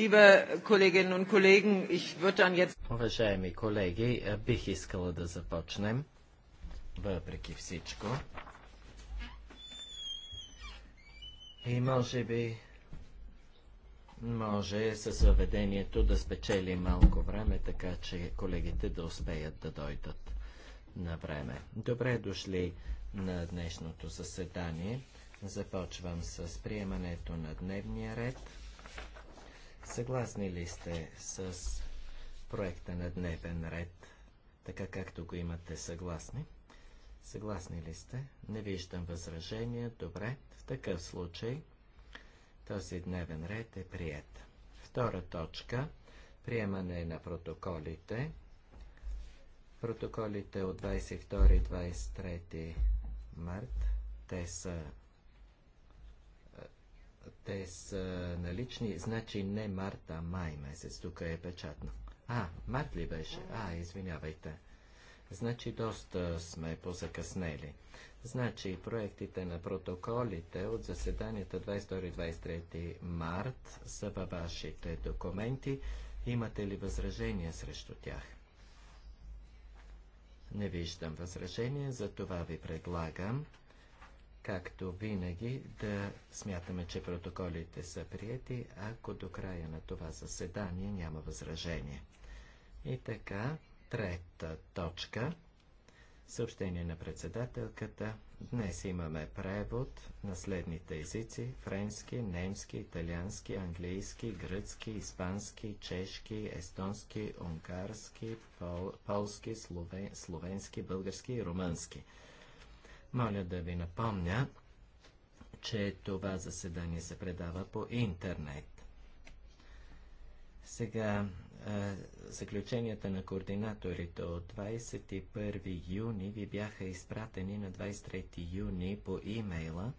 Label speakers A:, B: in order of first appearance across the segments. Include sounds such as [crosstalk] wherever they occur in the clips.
A: Liebe Kolleginnen und Kollegen, ich würde dann jetzt... Уважаеми колеги, е, бих искала да започнем, въпреки всичко. И може би, може с въведението да спечели малко време, така че колегите да успеят да дойдат на време. Добре дошли на днешното заседание. Започвам с приемането на дневния ред. Съгласни ли сте с проекта на дневен ред, така както го имате съгласни? Съгласни ли сте? Не виждам възражения. Добре. В такъв случай този дневен ред е прият. Втора точка. Приемане на протоколите. Протоколите от 22-23 март. Те са те са налични, значи не Марта, а май месец. Тук е печатно. А, март ли беше? А, извинявайте. Значи доста сме позакъснели. Значи проектите на протоколите от заседанията 22-23 март са във вашите документи. Имате ли възражения срещу тях? Не виждам възражения, за това ви предлагам както винаги, да смятаме, че протоколите са прияти, ако до края на това заседание няма възражение. И така, трета точка. Съобщение на председателката. Днес имаме превод на следните езици – френски, немски, италиански, английски, гръцки, испански, чешки, естонски, унгарски, пол, полски, словен, словенски, български и румънски – моля да ви напомня, че това заседание се предава по интернет. Сега заключенията на координаторите от 21 юни ви бяха изпратени на 23 юни по имейла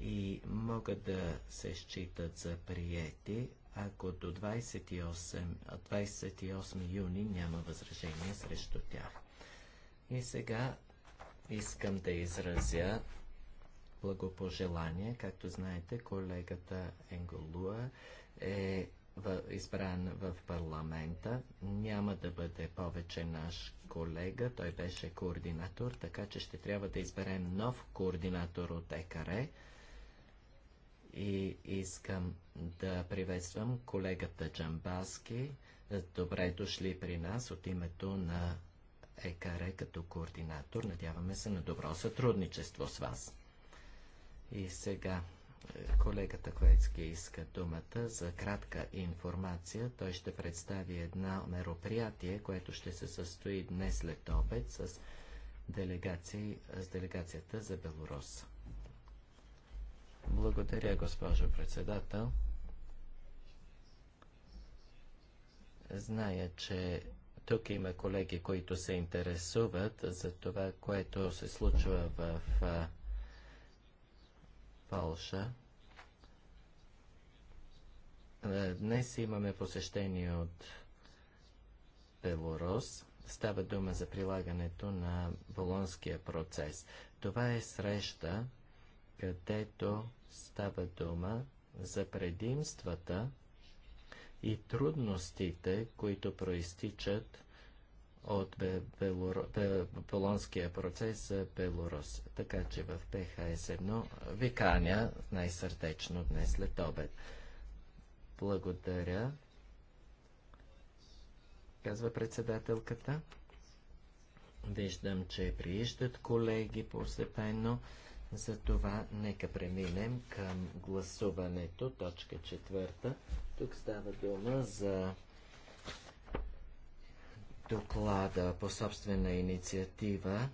A: и могат да се считат за приети, ако до 28, 28 юни няма възражение срещу тях. И сега Искам да изразя благопожелание. Както знаете, колегата Енголуа е избран в парламента. Няма да бъде повече наш колега. Той беше координатор, така че ще трябва да изберем нов координатор от ЕКАРЕ. И искам да приветствам колегата Джамбаски. Добре дошли при нас от името на ЕКР като координатор. Надяваме се на добро сътрудничество с вас. И сега е, колегата Клецки иска думата за кратка информация. Той ще представи едно мероприятие, което ще се състои днес след обед с, делегации, с делегацията за Белорус. Благодаря, госпожо председател. Зная, че тук има колеги, които се интересуват за това, което се случва в Полша. Днес имаме посещение от Белорус. Става дума за прилагането на Болонския процес. Това е среща, където става дума за предимствата и трудностите, които проистичат от Белор... Болонския процес за Белорус. Така че в ПХС-1 ви каня най-сърдечно днес след обед. Благодаря, казва председателката. Виждам, че прииждат колеги постепенно. Затова нека преминем към гласуването, точка четвърта. Тук става дума за доклада по собствена инициатива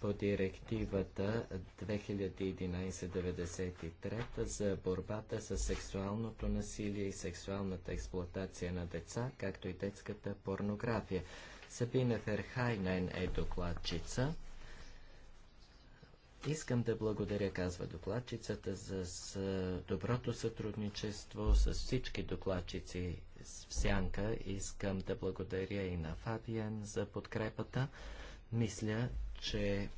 A: по директивата 2011-93 за борбата с сексуалното насилие и сексуалната експлоатация на деца, както и детската порнография. Сабина Ферхайнен е докладчица. Искам да благодаря, казва докладчицата, за, за доброто сътрудничество с всички докладчици в Сянка. Искам да благодаря и на Фабиен за подкрепата. Мисля, че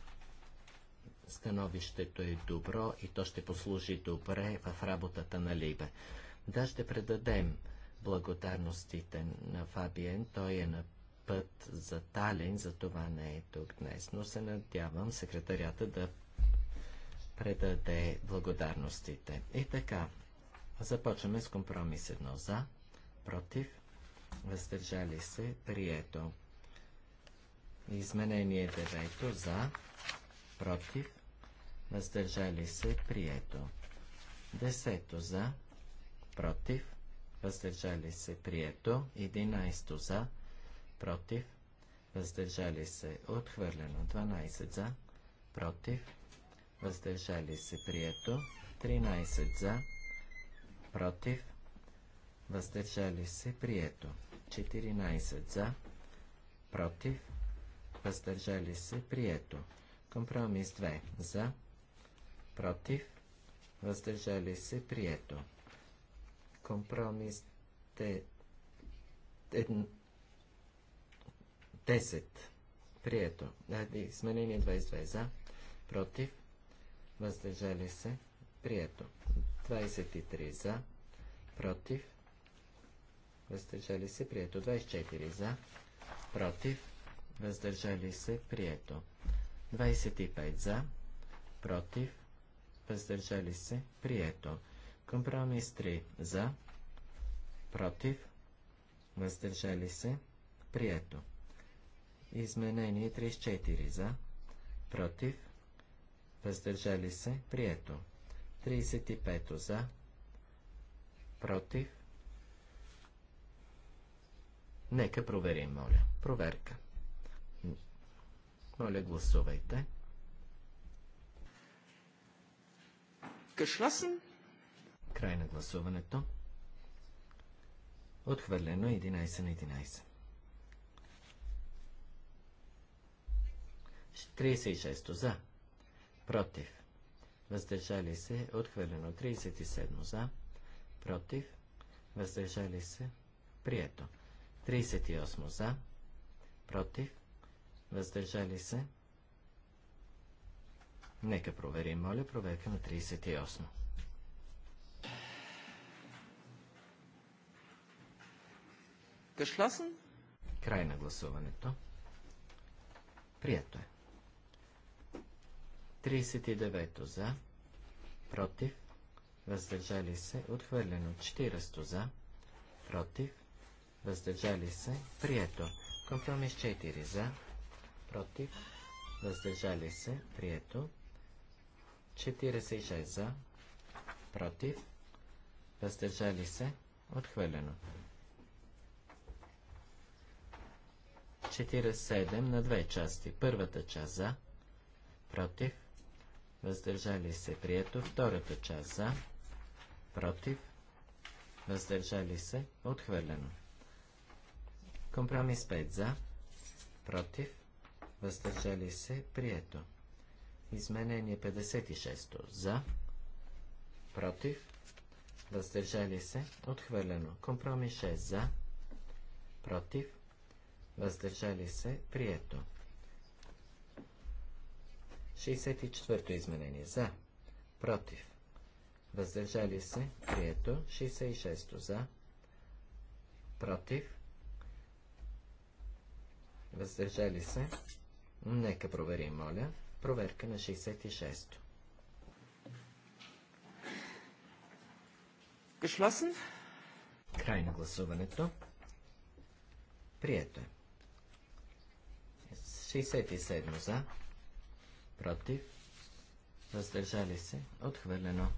A: становището е добро и то ще послужи добре в работата на Либе. Да, ще предадем благодарностите на Фабиен. Той е на път за Талин, за това не е тук днес, но се надявам секретарята да предаде благодарностите. И така, започваме с компромис едно за, против, въздържали се, прието. Изменение 9 за, против, въздържали се, прието. Десето за, против, въздържали се, прието. Единайсто за, против, въздържали се, отхвърлено. 12 за, против, въздържали се прието, 13 за, против, въздържали се прието, 14 за, против, въздържали се прието, компромис 2 за, против, въздържали се прието, компромис 10 прието, е, изменение 22 за, против, въздържали се, прието. 23 за, против, въздържали се, прието. 24 за, против, въздържали се, прието. 25 за, против, въздържали се, прието. Компромис 3 за, против, въздържали се, прието. Изменение 34 за, против, въздържали се, прието. 35 за, против. Нека проверим, моля. Проверка. Моля, гласувайте.
B: Кашласен.
A: Край на гласуването. Отхвърлено 11 на 11. 36 за против, въздържали се, отхвърлено 37 за, против, въздържали се, прието 38 за, против, въздържали се. Нека проверим, моля, проверка на 38. Geschlossen? Край на гласуването. Прието е. 39 за, против, въздържали се, отхвърлено 40 за, против, въздържали се, прието. Компромис 4 за, против, въздържали се, прието. 46 за, против, въздържали се, отхвърлено. 47 на две части. Първата част за, против, въздържали се, прието. Втората част за, против, въздържали се, отхвърлено. Компромис 5 за, против, въздържали се, прието. Изменение 56 за, против, въздържали се, отхвърлено. Компромис 6 за, против, въздържали се, прието. 64-то изменение. За. Против. Въздържали се. Прието. 66-то. За. Против. Въздържали се. Нека проверим, моля. Проверка на 66-то. Гешлосен. Край на гласуването. Прието е. 67 за против, въздържали се, отхвърлено.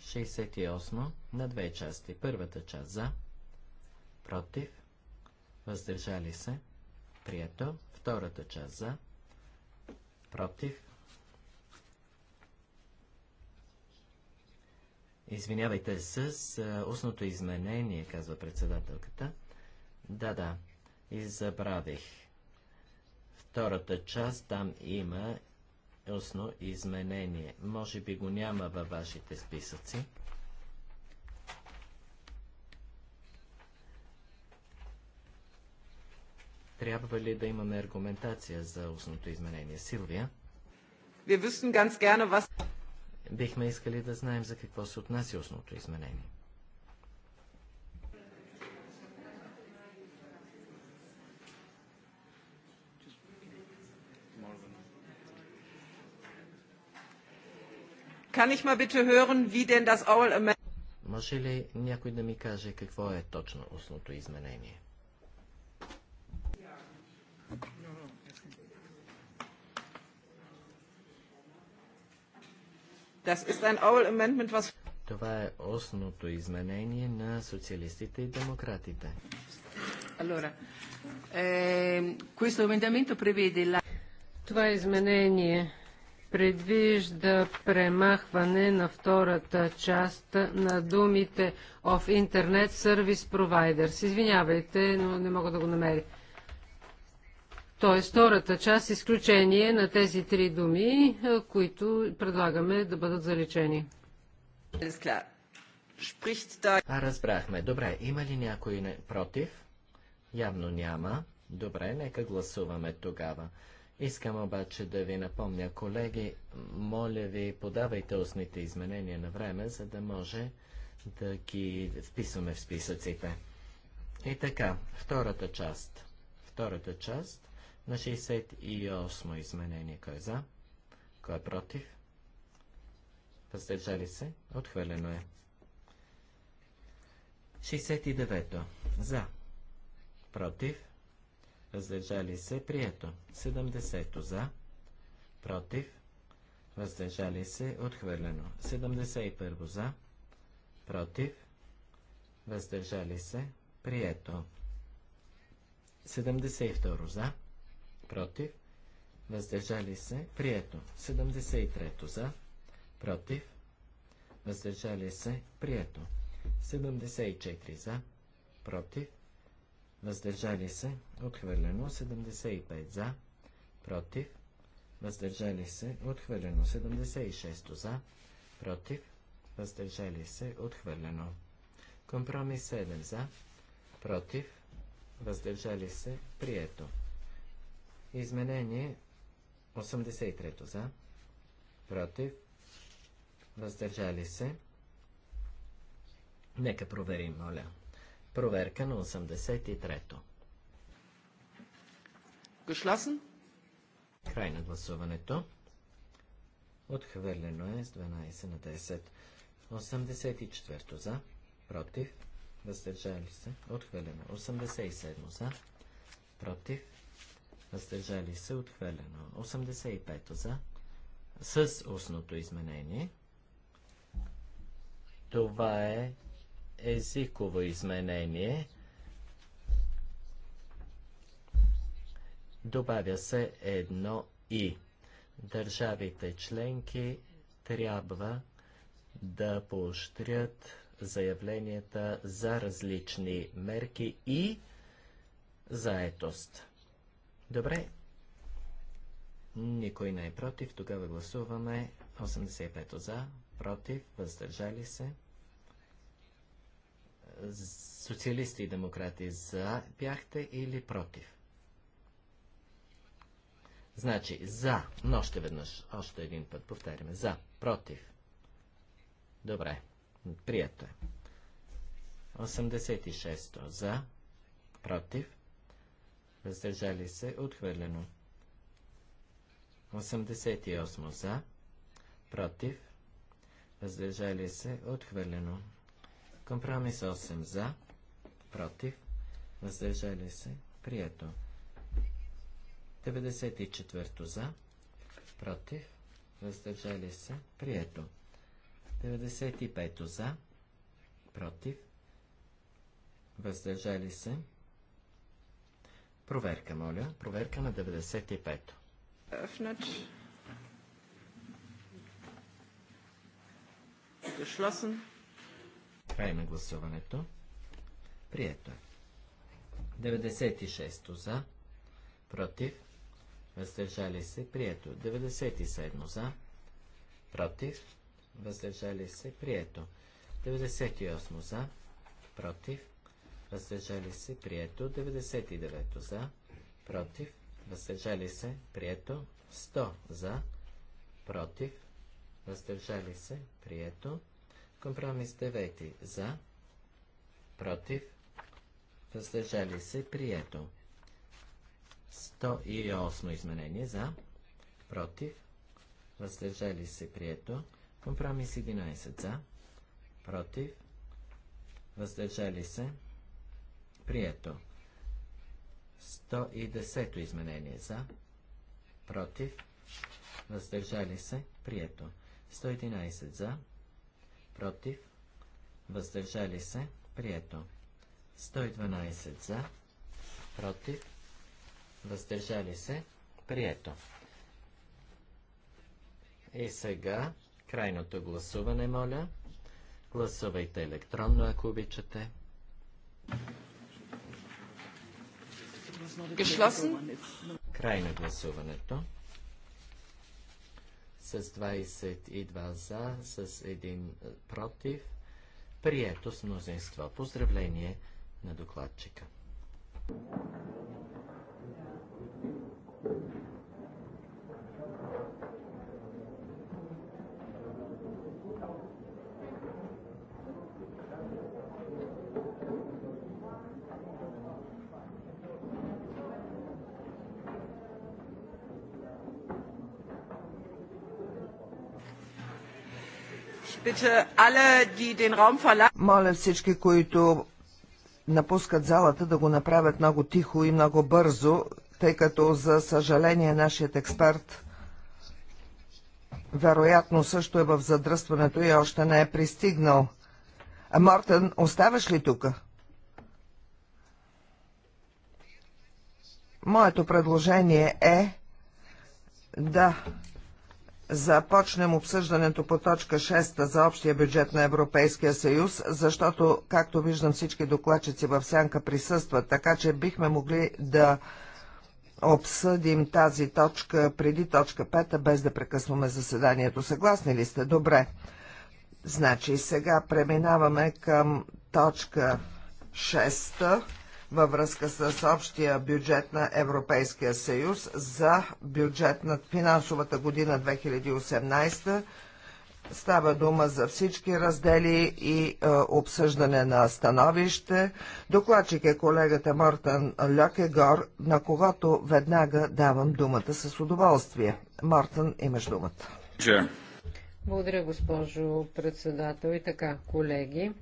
A: 68 на две части. Първата част за, против, въздържали се, прието. Втората част за, против. Извинявайте, с устното изменение, казва председателката. Да, да, и забравих втората част, там има устно изменение. Може би го няма във вашите списъци. Трябва ли да имаме аргументация за устното изменение? Силвия?
B: Wir wüssten ganz gerne, was...
A: Бихме искали да знаем за какво се отнася устното изменение.
B: ich mal bitte hören,
A: Може ли някой да ми каже какво е точно устното изменение? Това
C: е основното
A: изменение на социалистите и демократите.
C: Ehm, Това изменение предвижда премахване на втората част на думите of Internet Service Providers. Извинявайте, но не мога да го намеря. Тоест, втората част, изключение на тези три думи, които предлагаме да бъдат заличени.
A: А разбрахме. Добре, има ли някой против? Явно няма. Добре, нека гласуваме тогава. Искам обаче да ви напомня, колеги, моля ви, подавайте устните изменения на време, за да може да ги вписваме в списъците. И така, втората част. Втората част на 68 изменение. Кой е за? Кой е против? Въздържали се? Отхвърлено е. 69. -то. За. Против въздържали се, прието. 70 за, против, въздържали се, отхвърлено. 71 за, против, въздържали се, прието. 72 за, против, въздържали се, прието. 73 за, против, въздържали се, прието. 74 за, против, въздържали се, отхвърлено 75 за, против, въздържали се, отхвърлено 76 за, против, въздържали се, отхвърлено. Компромис 7 за, против, въздържали се, прието. Изменение 83 за, против, въздържали се. Нека проверим, моля. Проверка на 83-то. Geschlossen. Край на гласуването. Отхвърлено е с 12 на 10. 84 за. Против. Въздържали се. Отхвърлено. 87 за. Против. Въздържали се. Отхвърлено. 85 за. С устното изменение. Това е езиково изменение. Добавя се едно и. Държавите членки трябва да поощрят заявленията за различни мерки и заетост. Добре. Никой не е против. Тогава гласуваме 85 за, против, въздържали се социалисти и демократи за бяхте или против? Значи за, но още веднъж, още един път повтаряме. За, против. Добре, прието е. 86 за, против, въздържали се, отхвърлено. 88 за, против, въздържали се, отхвърлено. Компромис 8 за, против, въздържали се, прието. 94 за, против, въздържали се, прието. 95 за, против, въздържали се. Проверка, моля. Проверка на 95-то. Geschlossen. Край на гласуването. Прието е. 96 за. Против. Въздържали се. Прието. 97 е. за. Против. Въздържали се. Прието. 98 за. Против. Въздържали се. Прието. 99 за. Против. Въздържали се. Прието. 100 за. Против. Въздържали се. Прието. Компромис 9 за, против, въздържали се, прието. 108 изменение за, против, въздържали се, прието. Компромис 11 за, против, въздържали се, прието. 110 изменение за, против, въздържали се, прието. 111 за, против, въздържали се, прието. 112 за, против, въздържали се, прието. И сега крайното гласуване, моля. Гласувайте електронно, ако обичате. крайно гласуването с 22 за, с 1 е, против. Прието с мнозинство. Поздравление на докладчика.
B: Моля всички, които напускат залата, да го направят много тихо и много бързо, тъй като, за съжаление, нашият експерт вероятно също е в задръстването и още не е пристигнал. А Мортен, оставаш ли тук? Моето предложение е да започнем обсъждането по точка 6 за общия бюджет на Европейския съюз, защото, както виждам, всички докладчици в сянка присъстват, така че бихме могли да обсъдим тази точка преди точка 5, без да прекъсваме заседанието. Съгласни ли сте? Добре. Значи сега преминаваме към точка 6 във връзка с общия бюджет на Европейския съюз за бюджет на финансовата година 2018. Става дума за всички раздели и е, обсъждане на становище. Докладчик е колегата Мортън Льокегор, на когото веднага давам думата с удоволствие. Мортън, имаш думата.
C: Благодаря, госпожо председател. И така, колеги,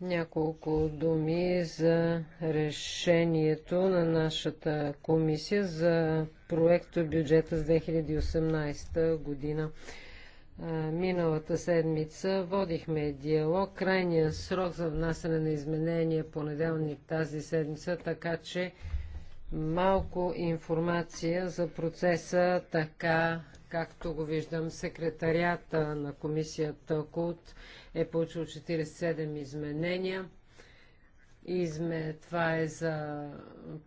C: няколко думи за решението на нашата комисия за проекто бюджета с 2018 година. Миналата седмица водихме диалог. Крайния срок за внасяне на изменения е понеделник тази седмица, така че малко информация за процеса, така както го виждам секретарията на комисията КУЛТ е получил 47 изменения. Изме, това е за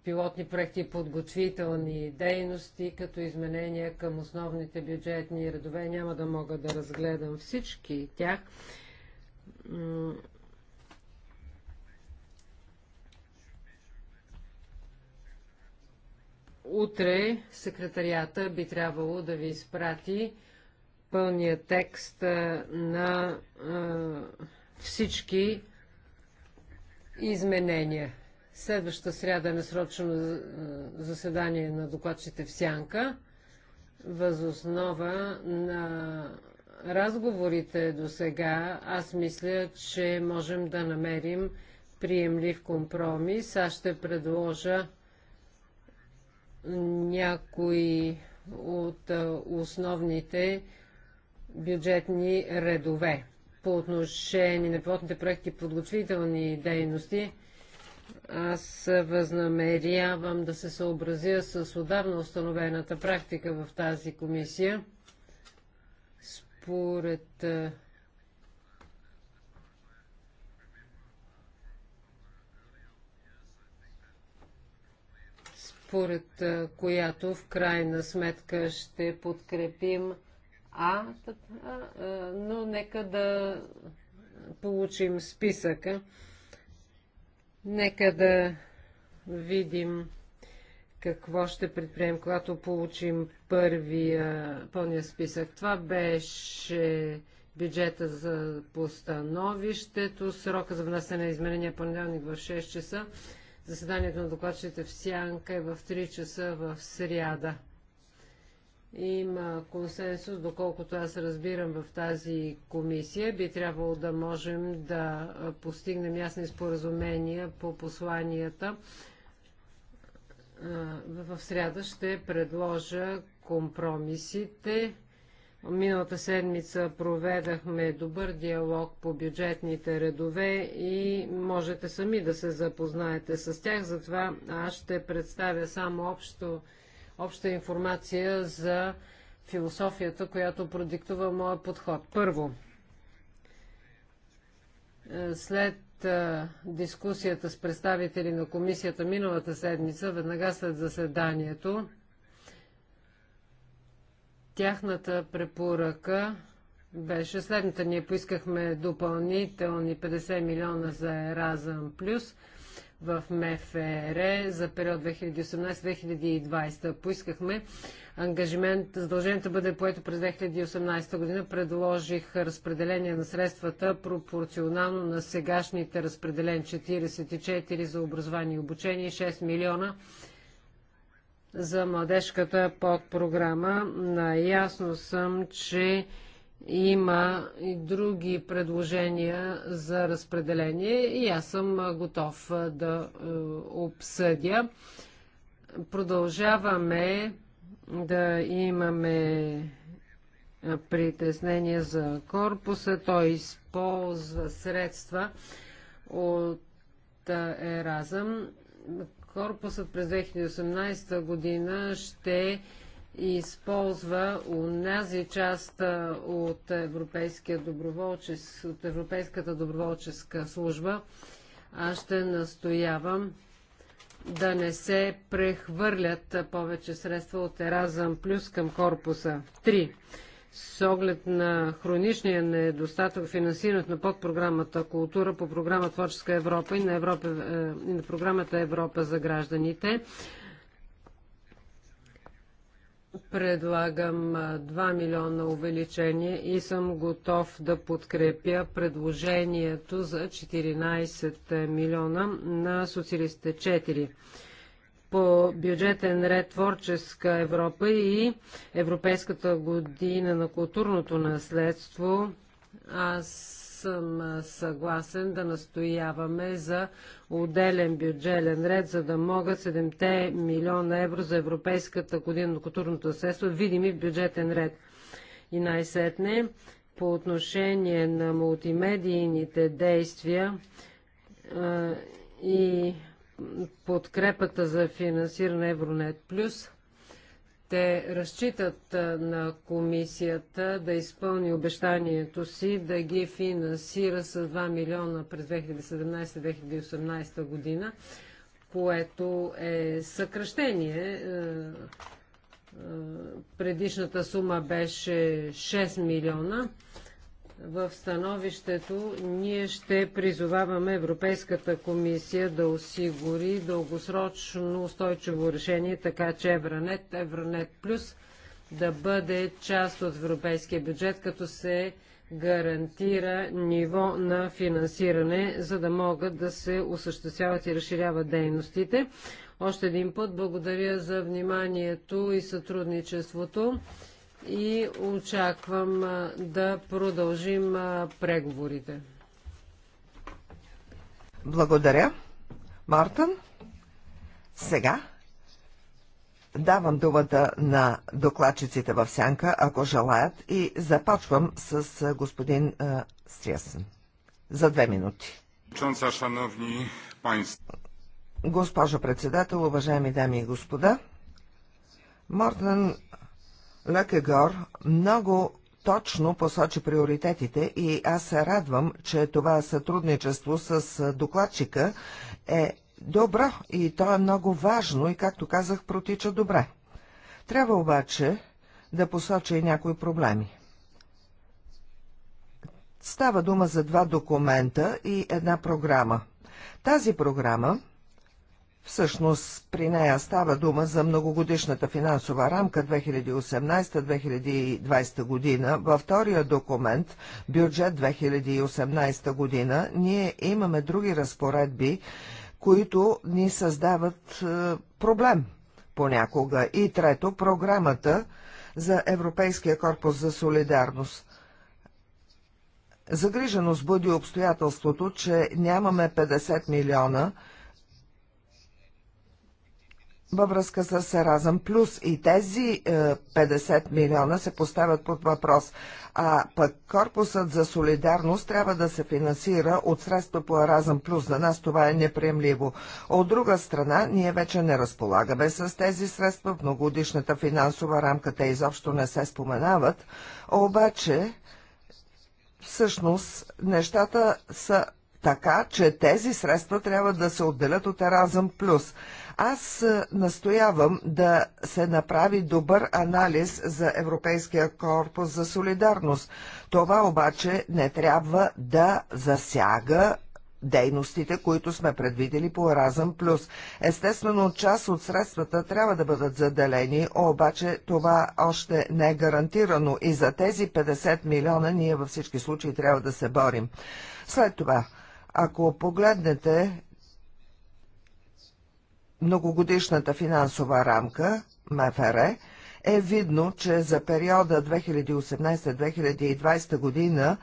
C: пилотни проекти и подготвителни дейности, като изменения към основните бюджетни редове. Няма да мога да разгледам всички тях. Утре секретарията би трябвало да ви изпрати пълния текст на всички изменения. Следваща сряда е насрочено заседание на докладчите в Сянка. Възоснова на разговорите до сега, аз мисля, че можем да намерим приемлив компромис. Аз ще предложа някои от основните бюджетни редове. По отношение на пилотните проекти и подготвителни дейности, аз възнамерявам да се съобразя с отдавна установената практика в тази комисия. Според според която в крайна сметка ще подкрепим а, но нека да получим списъка. Нека да видим какво ще предприем, когато получим първия, пълния списък. Това беше бюджета за постановището. Срока за внасяне на изменения понеделник в 6 часа. Заседанието на докладчите в Сянка е в 3 часа в сряда. Има консенсус, доколкото аз разбирам в тази комисия. Би трябвало да можем да постигнем ясни споразумения по посланията. В среда ще предложа компромисите. Миналата седмица проведахме добър диалог по бюджетните редове и можете сами да се запознаете с тях. Затова аз ще представя само общо обща информация за философията, която продиктува моя подход. Първо, е, след е, дискусията с представители на комисията миналата седмица, веднага след заседанието, тяхната препоръка беше следната. Ние поискахме допълнителни 50 милиона за Еразъм Плюс – в МФР за период 2018-2020. Поискахме ангажимент, задължението бъде поето през 2018 година. Предложих разпределение на средствата пропорционално на сегашните разпределен 44 за образование и обучение и 6 милиона за младежката подпрограма. Наясно съм, че има и други предложения за разпределение и аз съм готов да обсъдя. Продължаваме да имаме притеснения за корпуса. Той използва средства от Еразъм. Корпусът през 2018 година ще използва унази част от, европейския от Европейската доброволческа служба, аз ще настоявам да не се прехвърлят повече средства от Еразъм Плюс към корпуса. 3. С оглед на хроничния недостатък финансирането на подпрограмата Култура по програма Творческа Европа и на, Европа, е, и на програмата Европа за гражданите, предлагам 2 милиона увеличение и съм готов да подкрепя предложението за 14 милиона на социалистите 4 по бюджетен ред Творческа Европа и Европейската година на културното наследство. Аз съм съгласен да настояваме за отделен бюджелен ред, за да могат 7 милиона евро за Европейската година на културното средство, видими в бюджетен ред. И най-сетне, по отношение на мултимедийните действия а, и подкрепата за финансиране Евронет Плюс – те разчитат на комисията да изпълни обещанието си да ги финансира с 2 милиона през 2017-2018 година, което е съкръщение. Предишната сума беше 6 милиона в становището ние ще призоваваме Европейската комисия да осигури дългосрочно устойчиво решение, така че Евранет, Евранет Плюс да бъде част от европейския бюджет, като се гарантира ниво на финансиране, за да могат да се осъществяват и разширяват дейностите. Още един път благодаря за вниманието и сътрудничеството и очаквам да продължим преговорите.
B: Благодаря, Мартън. Сега давам думата на докладчиците в сянка, ако желаят, и започвам с господин Стриасен. За две минути. Госпожо председател, уважаеми дами и господа, Мортен Лекегор много точно посочи приоритетите и аз се радвам, че това сътрудничество с докладчика е добро и то е много важно и, както казах, протича добре. Трябва обаче да посоча и някои проблеми. Става дума за два документа и една програма. Тази програма Всъщност при нея става дума за многогодишната финансова рамка 2018-2020 година. Във втория документ, бюджет 2018 година, ние имаме други разпоредби, които ни създават е, проблем понякога. И трето, програмата за Европейския корпус за солидарност. Загриженост буди обстоятелството, че нямаме 50 милиона – във връзка с Еразъм Плюс и тези е, 50 милиона се поставят под въпрос. А пък Корпусът за солидарност трябва да се финансира от средства по Еразъм Плюс. За нас това е неприемливо. От друга страна, ние вече не разполагаме с тези средства. В многодишната финансова рамка те изобщо не се споменават. Обаче, всъщност, нещата са така, че тези средства трябва да се отделят от Еразъм Плюс. Аз е, настоявам да се направи добър анализ за Европейския корпус за солидарност. Това обаче не трябва да засяга дейностите, които сме предвидели по Еразъм Плюс. Естествено, част от средствата трябва да бъдат заделени, обаче това още не е гарантирано и за тези 50 милиона ние във всички случаи трябва да се борим. След това, ако погледнете многогодишната финансова рамка, МФР, е видно, че за периода 2018-2020 година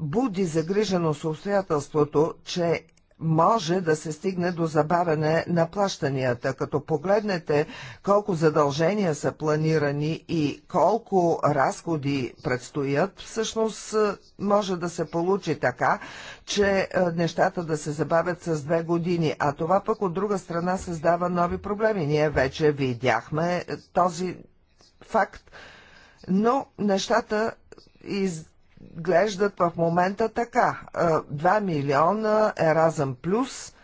B: буди загрижено обстоятелството, че може да се стигне до забавяне на плащанията. Като погледнете колко задължения са планирани и колко разходи предстоят, всъщност е, може да се получи така, че е, нещата да се забавят с две години, а това пък от друга страна създава нови проблеми. Ние вече видяхме е, този факт, но нещата из Глеждат в момента така. 2 милиона Еразъм Плюс –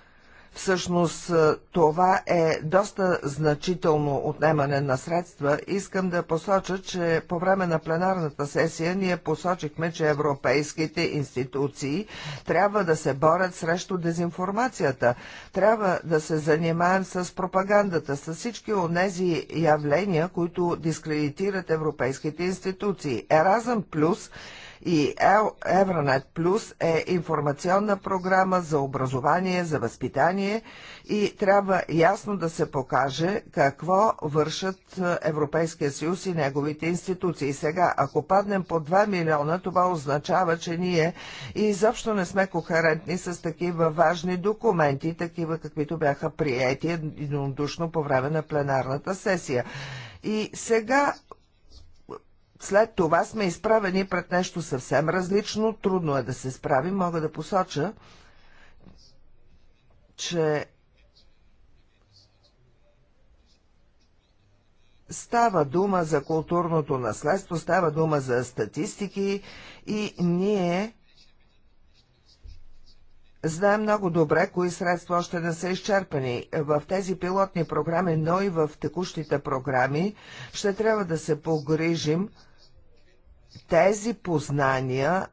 B: Всъщност това е доста значително отнемане на средства. Искам да посоча, че по време на пленарната сесия ние посочихме, че европейските институции трябва да се борят срещу дезинформацията. Трябва да се занимаем с пропагандата, с всички от тези явления, които дискредитират европейските институции. Еразъм Плюс и Евронет Плюс е информационна програма за образование, за възпитание и трябва ясно да се покаже какво вършат е, Европейския съюз и неговите институции. Сега, ако паднем по 2 милиона, това означава, че ние и изобщо не сме кохерентни с такива важни документи, такива каквито бяха приети единодушно по време на пленарната сесия. И сега след това сме изправени пред нещо съвсем различно, трудно е да се справим. Мога да посоча, че става дума за културното наследство, става дума за статистики и ние знаем много добре, кои средства още не са изчерпани. В тези пилотни програми, но и в текущите програми ще трябва да се погрижим – тези познания,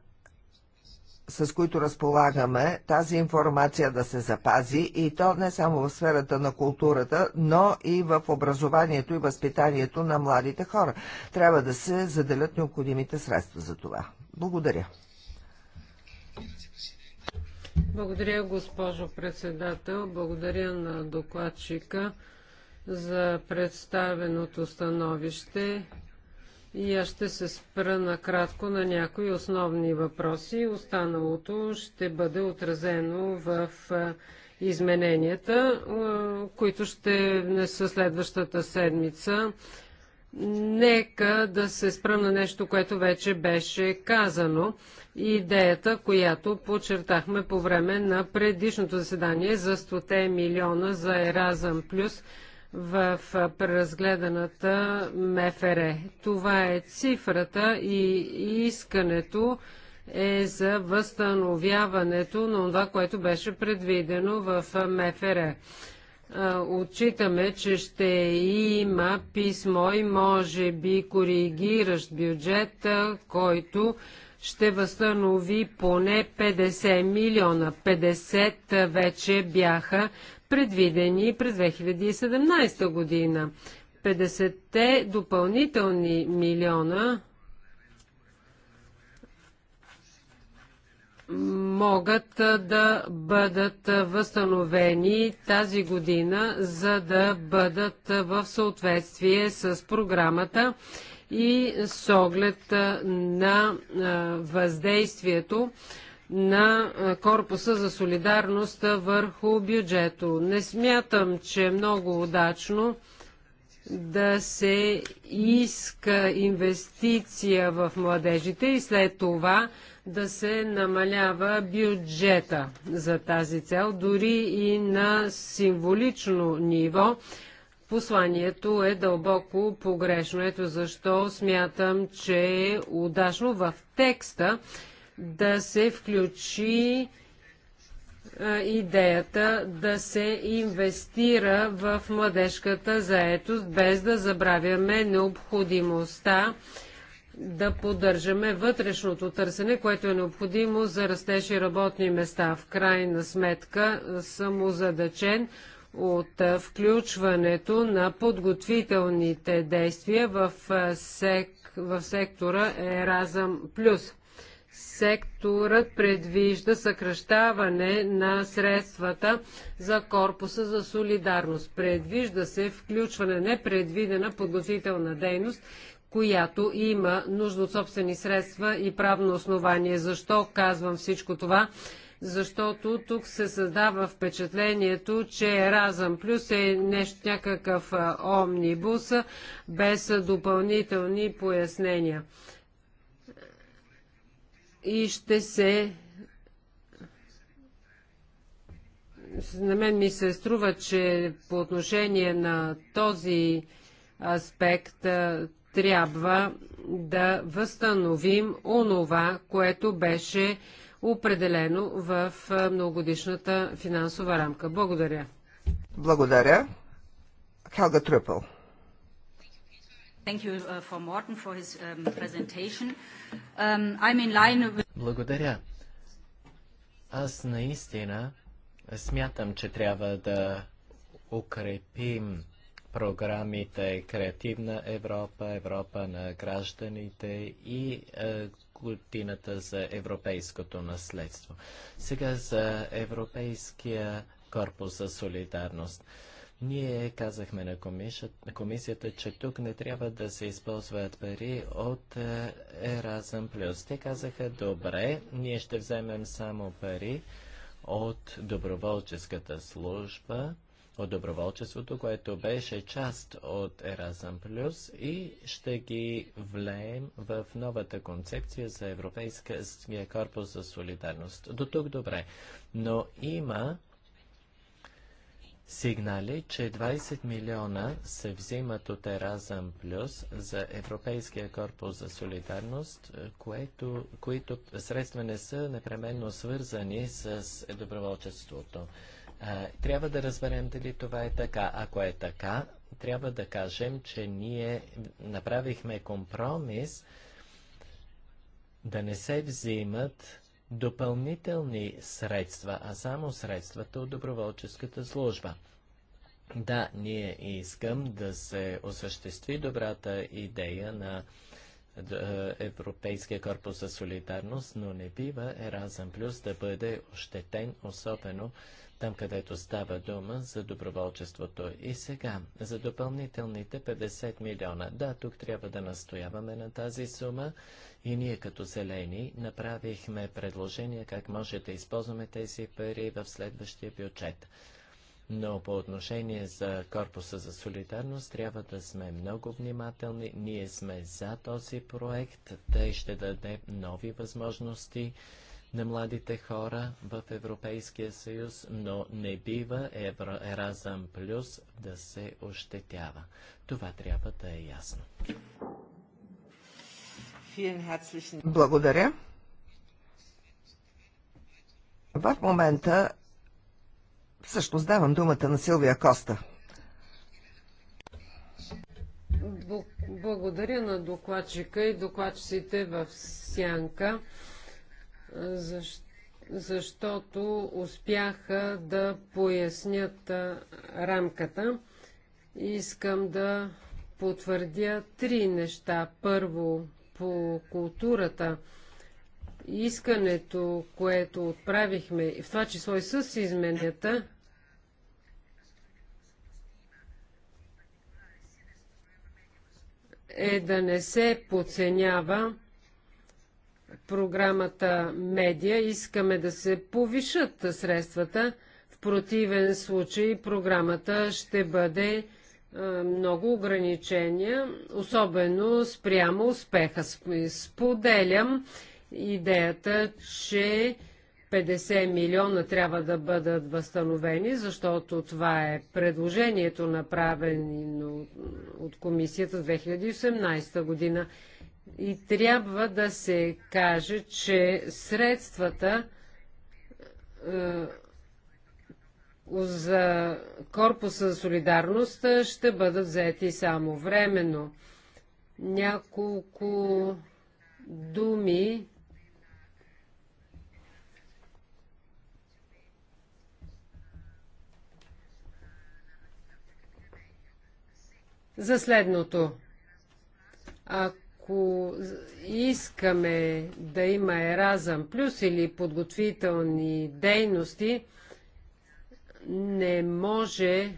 B: с които разполагаме, тази информация да се запази и то не само в сферата на културата, но и в образованието и възпитанието на младите хора. Трябва да се заделят необходимите средства за това. Благодаря.
C: Благодаря, госпожо председател. Благодаря на докладчика за представеното становище и аз ще се спра накратко на някои основни въпроси. Останалото ще бъде отразено в измененията, които ще внеса следващата седмица. Нека да се спра на нещо, което вече беше казано. Идеята, която подчертахме по време на предишното заседание за 100 милиона за Еразъм Плюс – в преразгледаната МФР. Това е цифрата и искането е за възстановяването на това, което беше предвидено в МФР. Отчитаме, че ще има писмо и може би коригиращ бюджет, който ще възстанови поне 50 милиона. 50 вече бяха предвидени през 2017 година. 50-те допълнителни милиона могат да бъдат възстановени тази година, за да бъдат в съответствие с програмата и с оглед на въздействието на Корпуса за солидарност върху бюджето. Не смятам, че е много удачно да се иска инвестиция в младежите и след това да се намалява бюджета за тази цел, дори и на символично ниво. Посланието е дълбоко погрешно. Ето защо смятам, че е удачно в текста да се включи идеята да се инвестира в младежката заетост, без да забравяме необходимостта да поддържаме вътрешното търсене, което е необходимо за растеж и работни места. В крайна сметка съм озадачен от включването на подготвителните действия в, сек... в сектора Еразъм Плюс Секторът предвижда съкръщаване на средствата за Корпуса за солидарност. Предвижда се включване на непредвидена подготвителна дейност, която има нужда от собствени средства и правно основание. Защо казвам всичко това? Защото тук се създава впечатлението, че Еразъм Плюс е нещо, някакъв омнибус без допълнителни пояснения и ще се на мен ми се струва, че по отношение на този аспект трябва да възстановим онова, което беше определено в многогодишната финансова рамка. Благодаря.
B: Благодаря. Хелга Трюпел. Благодаря. Аз
A: наистина смятам, че трябва да укрепим програмите Креативна Европа, Европа на гражданите и е, годината за европейското наследство. Сега за Европейския корпус за солидарност. Ние казахме на комисията, комисията, че тук не трябва да се използват пари от е, Еразъм Плюс. Те казаха, добре, ние ще вземем само пари от доброволческата служба, от доброволчеството, което беше част от Еразъм Плюс и ще ги влеем в новата концепция за Европейския корпус за солидарност. До тук добре, но има сигнали, че 20 милиона се взимат от Еразъм Плюс за Европейския корпус за солидарност, е, което, които средства не са непременно свързани с доброволчеството. Е, трябва да разберем дали това е така. Ако е така, трябва да кажем, че ние направихме компромис да не се взимат допълнителни средства, а само средствата от доброволческата служба. Да, ние искам да се осъществи добрата идея на е, Европейския корпус за солидарност, но не бива Еразъм Плюс да бъде ощетен, особено там където става дума за доброволчеството. И сега, за допълнителните 50 милиона. Да, тук трябва да настояваме на тази сума и ние като зелени направихме предложение как може да използваме тези пари в следващия бюджет. Но по отношение за Корпуса за солидарност трябва да сме много внимателни. Ние сме за този проект. Той ще даде нови възможности на младите хора в Европейския съюз, но не бива Еразъм Плюс да се ощетява. Това трябва да е ясно.
B: Благодаря. В момента всъщност давам думата на Силвия Коста.
C: Благодаря на докладчика и докладчиците в Сянка защ... защото успяха да пояснят рамката. Искам да потвърдя три неща. Първо, по културата. Искането, което отправихме, в това число и с изменята, е да не се подценява програмата Медия искаме да се повишат средствата. В противен случай програмата ще бъде е, много ограничения, особено спрямо успеха. Споделям идеята, че 50 милиона трябва да бъдат възстановени, защото това е предложението направено от комисията 2018 година. И трябва да се каже, че средствата е, за корпуса за солидарност е, ще бъдат взети само временно. Няколко думи за следното. Ако ако искаме да има еразъм плюс или подготвителни дейности, не може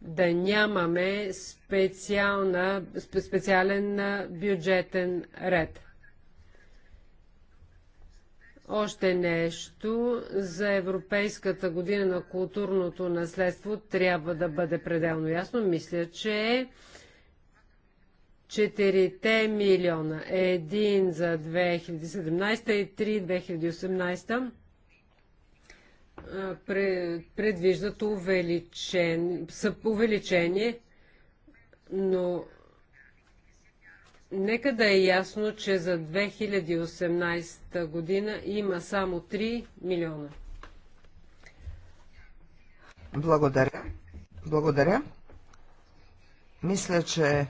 C: да нямаме специална, специален бюджетен ред. Още нещо за Европейската година на културното наследство трябва да бъде пределно ясно. Мисля, че е 4 милиона. Един за 2017 и три 2018 предвиждат увеличен, увеличение, но нека да е ясно, че за 2018 година има само 3 милиона.
B: Благодаря. Благодаря. Мисля, че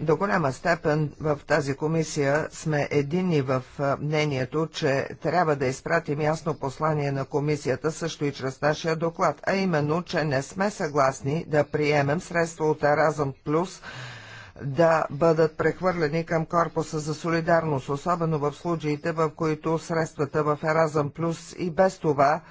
B: до голяма степен в тази комисия сме едини в мнението, че трябва да изпратим ясно послание на комисията също и чрез нашия доклад, а именно, че не сме съгласни да приемем средства от Еразъм Плюс да бъдат прехвърлени към Корпуса за солидарност, особено в случаите, в които средствата в Еразъм Плюс и без това –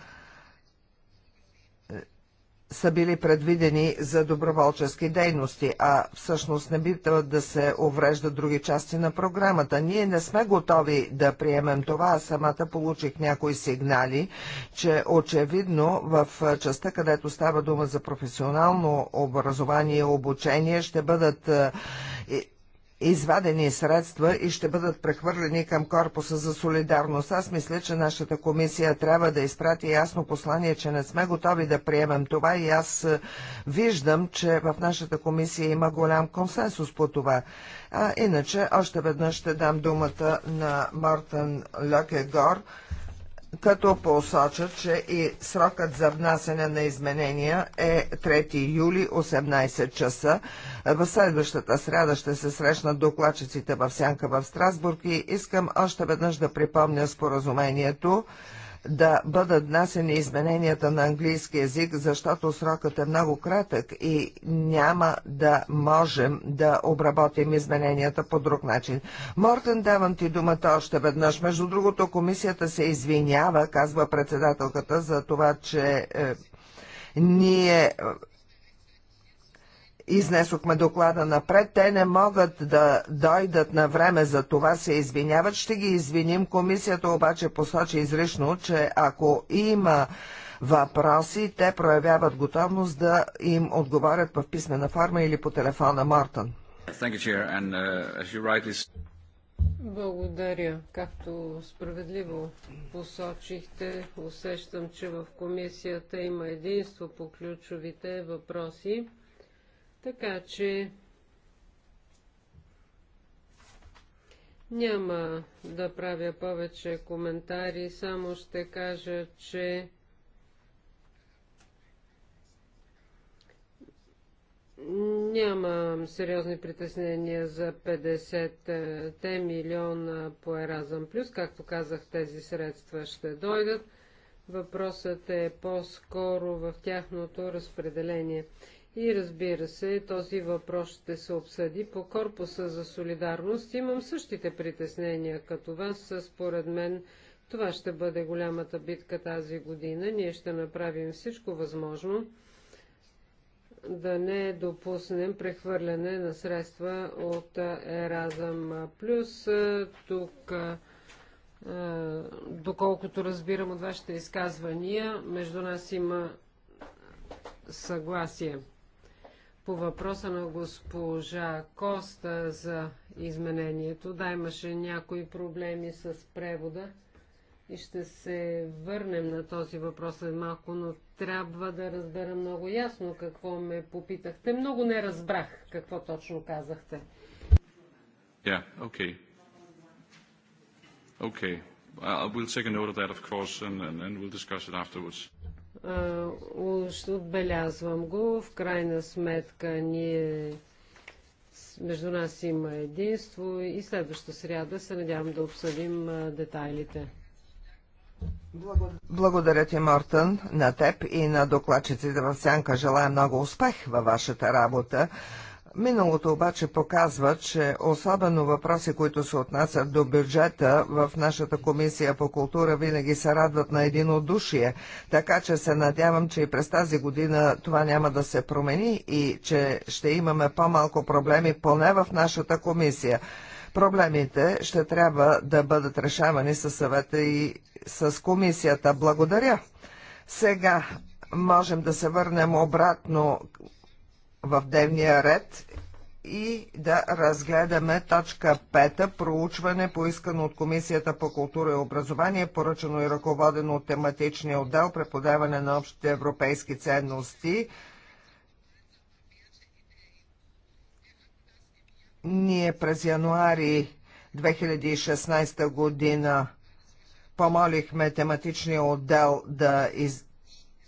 B: са били предвидени за доброволчески дейности, а всъщност не би да се увреждат други части на програмата. Ние не сме готови да приемем това. Аз самата получих някои сигнали, че очевидно в частта, където става дума за професионално образование и обучение, ще бъдат е, извадени средства и ще бъдат прехвърлени към Корпуса за солидарност. Аз мисля, че нашата комисия трябва да изпрати ясно послание, че не сме готови да приемем това и аз е, виждам, че в нашата комисия има голям консенсус по това. А, иначе, още веднъж ще дам думата на Мартън Лекегор като посоча, че и срокът за внасене на изменения е 3 юли 18 часа. В следващата среда ще се срещнат докладчиците в Сянка в Страсбург и искам още веднъж да припомня споразумението да бъдат внасени измененията на английски язик, защото срокът е много кратък и няма да можем да обработим измененията по друг начин. Мортен, давам ти думата още веднъж. Между другото, комисията се извинява, казва председателката, за това, че е, ние изнесохме доклада напред. Те не могат да дойдат на време, за това се извиняват. Ще ги извиним. Комисията обаче посочи изрично, че ако има въпроси, те проявяват готовност да им отговорят в писмена форма или по телефона Мортън. Uh,
C: Благодаря. Както справедливо посочихте, усещам, че в комисията има единство по ключовите въпроси. Така че няма да правя повече коментари, само ще кажа, че Нямам сериозни притеснения за 50-те милиона по Еразъм Плюс. Както казах, тези средства ще дойдат. Въпросът е по-скоро в тяхното разпределение. И разбира се, този въпрос ще се обсъди по корпуса за солидарност. Имам същите притеснения като вас. Според мен това ще бъде голямата битка тази година. Ние ще направим всичко възможно да не допуснем прехвърляне на средства от Еразъм Плюс. Тук, доколкото разбирам от вашите изказвания, между нас има съгласие. По въпроса на госпожа Коста за изменението, да, имаше някои проблеми с превода и ще се върнем на този въпрос след малко, но трябва да разбера много ясно какво ме попитахте. Много не разбрах какво точно казахте.
B: Yeah, okay. Okay. I will take a note of that, of course, and, and, and we'll discuss it afterwards.
C: Отбелязвам го. В крайна сметка ние между нас има единство и следваща сряда се надявам да обсъдим детайлите.
B: Благодаря ти, Мортън, на теб и на докладчиците в Сянка. Желая много успех във вашата работа. Миналото обаче показва, че особено въпроси, които се отнасят до бюджета в нашата комисия по култура, винаги се радват на единодушие. Така че се надявам, че и през тази година това няма да се промени и че ще имаме по-малко проблеми поне в нашата комисия. Проблемите ще трябва да бъдат решавани със съвета и с комисията. Благодаря. Сега можем да се върнем обратно в дневния ред и да разгледаме точка 5 проучване, поискано от Комисията по култура и образование, поръчано и ръководено от тематичния отдел преподаване на общите европейски ценности. Ние през януари 2016 година помолихме тематичния отдел да из...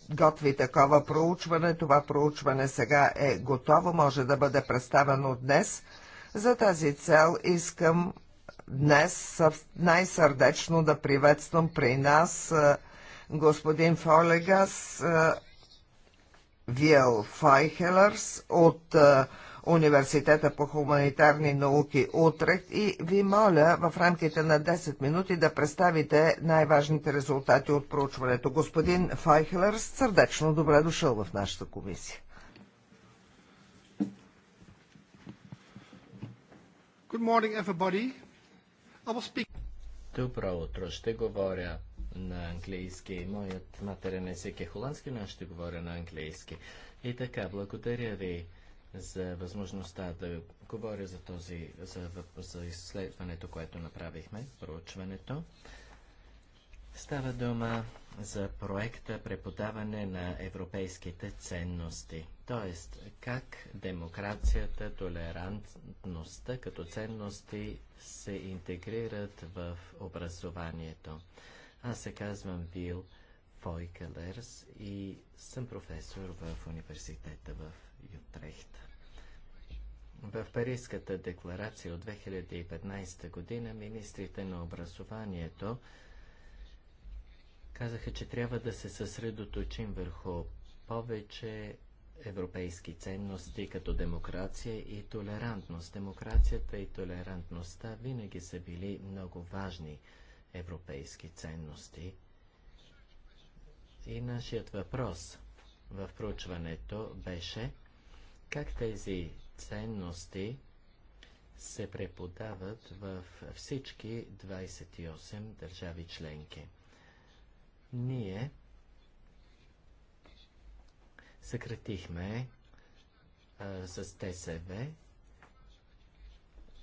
B: Готви такова проучване. Това проучване сега е готово, може да бъде представено днес. За тази цел искам днес най-сърдечно да приветствам при нас господин Фолегас Виел Файхелърс от Университета по хуманитарни науки Утрехт и ви моля в рамките на 10 минути да представите най-важните резултати от проучването. Господин Файхелер, сърдечно добре дошъл в нашата комисия.
A: Good morning, everybody. I will speak... Добро утро. Ще говоря на английски. Моят матерен език е холандски, но ще говоря на английски. И така, благодаря ви за възможността да говоря за, този, за, за изследването, което направихме, проучването. Става дума за проекта Преподаване на европейските ценности, т.е. как демокрацията, толерантността като ценности се интегрират в образованието. Аз се казвам Бил Фойкелерс и съм професор в университета в Ютрехт. В Парижската декларация от 2015 година министрите на образованието казаха, че трябва да се съсредоточим върху повече европейски ценности като демокрация и толерантност. Демокрацията и толерантността винаги са били много важни европейски ценности. И нашият въпрос в проучването беше – как тези ценности се преподават в всички 28 държави членки. Ние съкратихме а, с ТСВ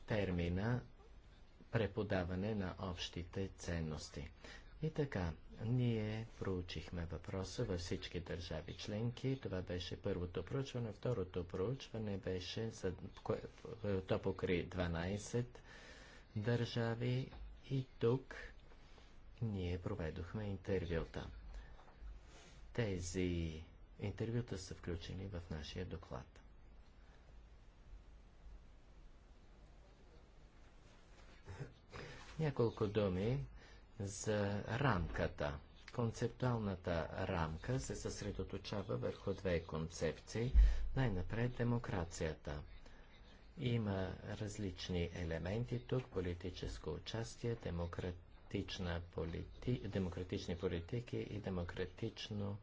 A: термина преподаване на общите ценности. И така, ние проучихме въпроса във всички държави членки. Това беше първото проучване. Второто проучване беше, за... то покри 12 държави и тук ние проведохме интервюта. Тези интервюта са включени в нашия доклад. Няколко думи за рамката. Концептуалната рамка се съсредоточава върху две концепции. Най-напред демокрацията. Има различни елементи тук, политическо участие, демократична полити... демократични политики и демократично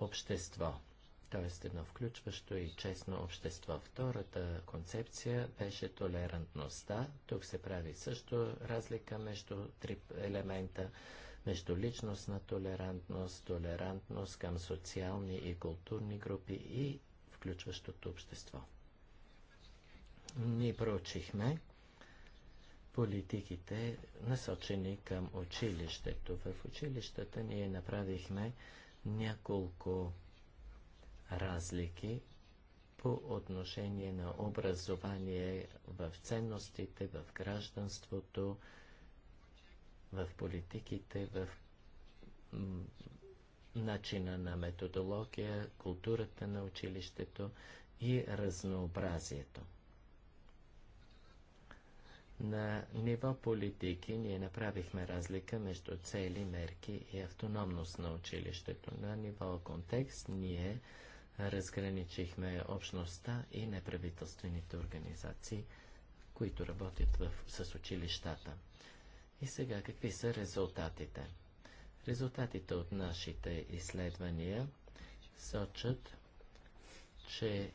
A: общество т.е. едно включващо и честно общество. Втората концепция беше толерантността. Тук се прави също разлика между три елемента между личностна толерантност, толерантност към социални и културни групи и включващото общество. Ние проучихме политиките, насочени към училището. В училищата ние направихме няколко разлики по отношение на образование в ценностите, в гражданството, в политиките, в начина на методология, културата на училището и разнообразието. На ниво политики ние направихме разлика между цели, мерки и автономност на училището. На ниво контекст ние разграничихме общността и неправителствените организации, които работят в, с училищата. И сега какви са резултатите? Резултатите от нашите изследвания сочат, че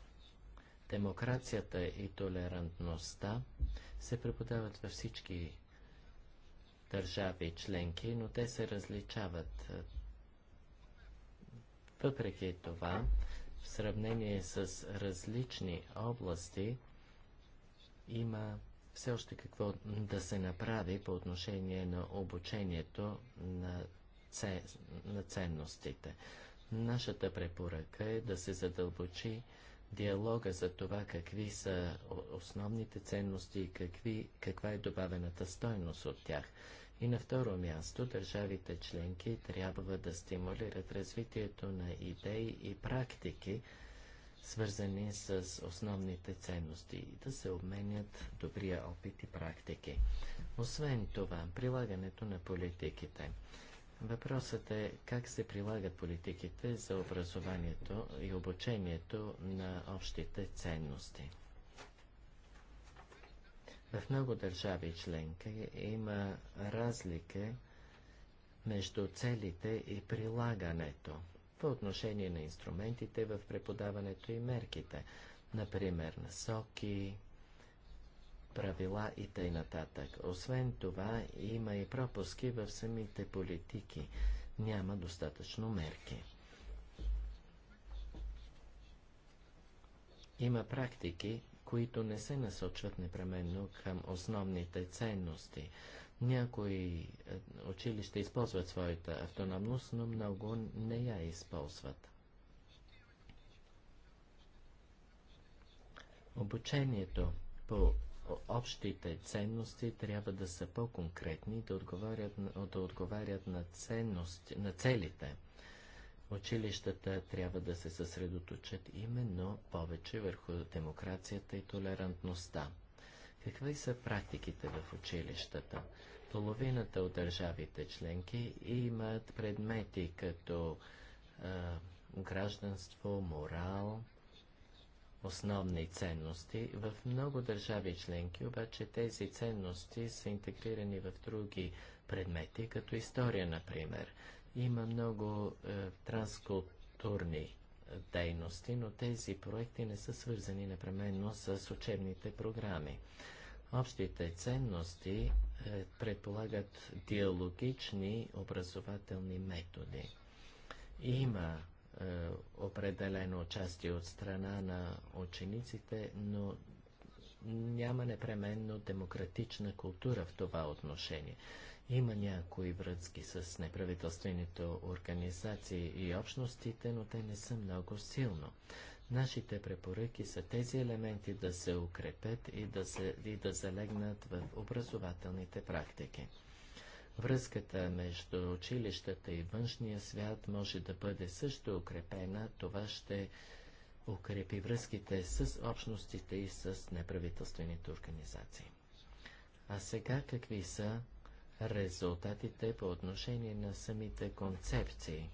A: демокрацията и толерантността се преподават във всички държави и членки, но те се различават. Въпреки това, в сравнение с различни области има все още какво да се направи по отношение на обучението на, це, на ценностите. Нашата препоръка е да се задълбочи диалога за това какви са основните ценности и какви, каква е добавената стойност от тях. И на второ място, държавите членки трябва да стимулират развитието на идеи и практики, свързани с основните ценности и да се обменят добрия опит и практики. Освен това, прилагането на политиките. Въпросът е как се прилагат политиките за образованието и обучението на общите ценности. В много държави членки има разлика между целите и прилагането по отношение на инструментите в преподаването и мерките, например насоки, правила и т.н. Освен това, има и пропуски в самите политики. Няма достатъчно мерки. Има практики, които не се насочват непременно към основните ценности. Някои е, училища използват своята автономност, но много не я използват. Обучението по общите ценности трябва да са по-конкретни, да отговарят, да отговарят на, ценности, на целите – Училищата трябва да се съсредоточат именно повече върху демокрацията и толерантността. Какви са практиките в училищата? Половината от държавите членки имат предмети като е, гражданство, морал, основни ценности. В много държави членки обаче тези ценности са интегрирани в други предмети, като история, например. Има много е, транскултурни е, дейности, но тези проекти не са свързани непременно с учебните програми. Общите ценности е, предполагат диалогични образователни методи. Има е, определено участие от страна на учениците, но няма непременно демократична култура в това отношение. Има някои връзки с неправителствените организации и общностите, но те не са много силно. Нашите препоръки са тези елементи да се укрепят и да, се, и да залегнат в образователните практики. Връзката между училищата и външния свят може да бъде също укрепена. Това ще укрепи връзките с общностите и с неправителствените организации. А сега какви са резултатите по отношение на самите концепции.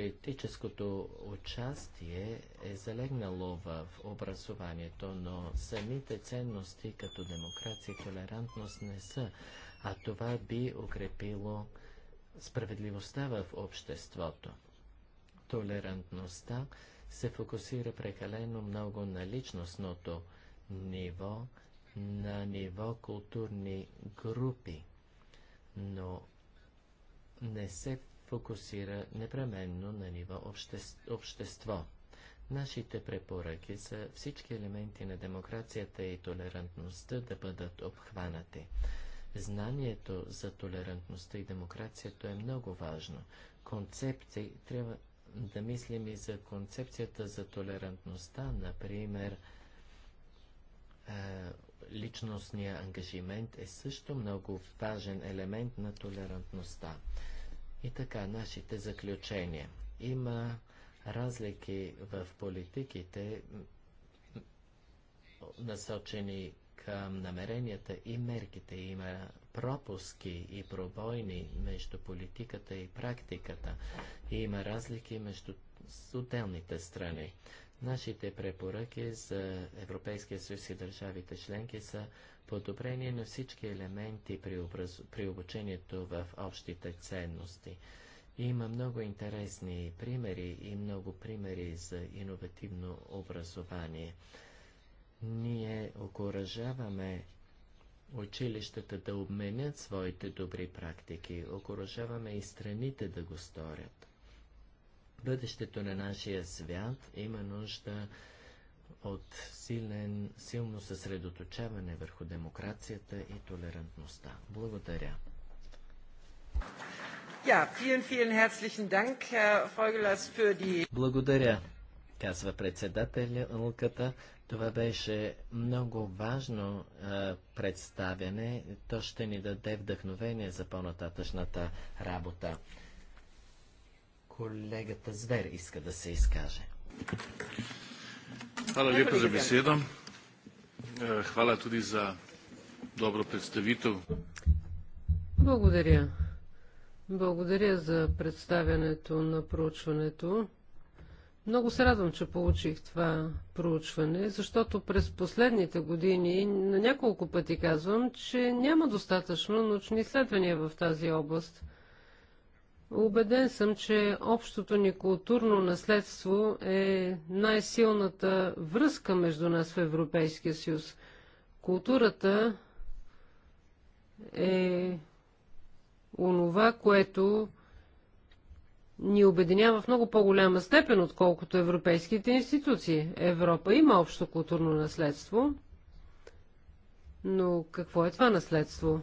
A: Политическото участие е залегнало в образованието, но самите ценности като демокрация и толерантност не са, а това би укрепило справедливостта в обществото. Толерантността се фокусира прекалено много на личностното ниво – на ниво културни групи, но не се фокусира непременно на ниво обще... общество. Нашите препоръки са всички елементи на демокрацията и толерантността да бъдат обхванати. Знанието за толерантността и демокрацията е много важно. Концепции трябва да мислим и за концепцията за толерантността, например, е, личностния ангажимент е също много важен елемент на толерантността. И така, нашите заключения. Има разлики в политиките, насочени към намеренията и мерките. Има пропуски и пробойни между политиката и практиката. И има разлики между отделните страни. Нашите препоръки за Европейския съюз и държавите членки са подобрение на всички елементи при, образ... при обучението в общите ценности. Има много интересни примери и много примери за иновативно образование. Ние окоръжаваме училищата да обменят своите добри практики, окоръжаваме и страните да го сторят. Бъдещето на нашия свят има нужда от силен, силно съсредоточаване върху демокрацията и толерантността. Благодаря. Ja,
B: vielen, vielen herzlichen Dank, Herr Freugelas, für
A: die... Благодаря, казва председателката. Това беше много важно а, представяне. То ще ни даде вдъхновение за по-нататъчната работа. Колегата Звер иска да се изкаже. Hvala
C: lepa za besedo.
B: Hvala tudi za добро представител.
C: Благодаря. Благодаря за представянето на проучването. Много се радвам, че получих това проучване, защото през последните години на няколко пъти казвам, че няма достатъчно научни изследвания в тази област. Убеден съм, че общото ни културно наследство е най-силната връзка между нас в Европейския съюз. Културата е онова, което ни обединява в много по-голяма степен, отколкото европейските институции. Европа има общо културно наследство, но какво е това наследство?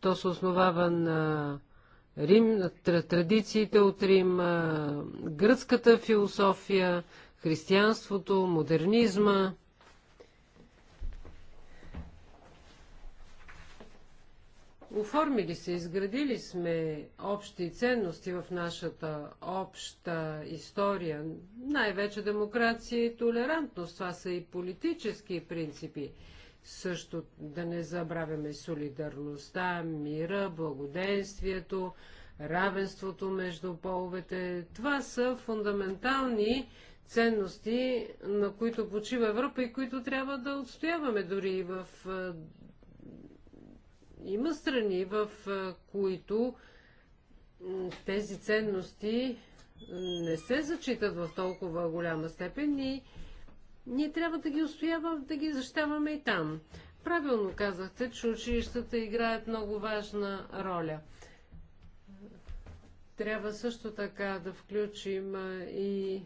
C: То се основава на Рим, на традициите от Рим, гръцката философия, християнството, модернизма. Оформили се, изградили сме общи ценности в нашата обща история, най-вече демокрация и толерантност. Това са и политически принципи. Също да не забравяме солидарността, мира, благоденствието, равенството между половете. Това са фундаментални ценности, на които почива Европа и които трябва да отстояваме дори и в... Има страни, в които тези ценности не се зачитат в толкова голяма степен и ние трябва да ги устояваме, да ги защитаваме и там. Правилно казахте, че училищата играят много важна роля. Трябва също така да включим и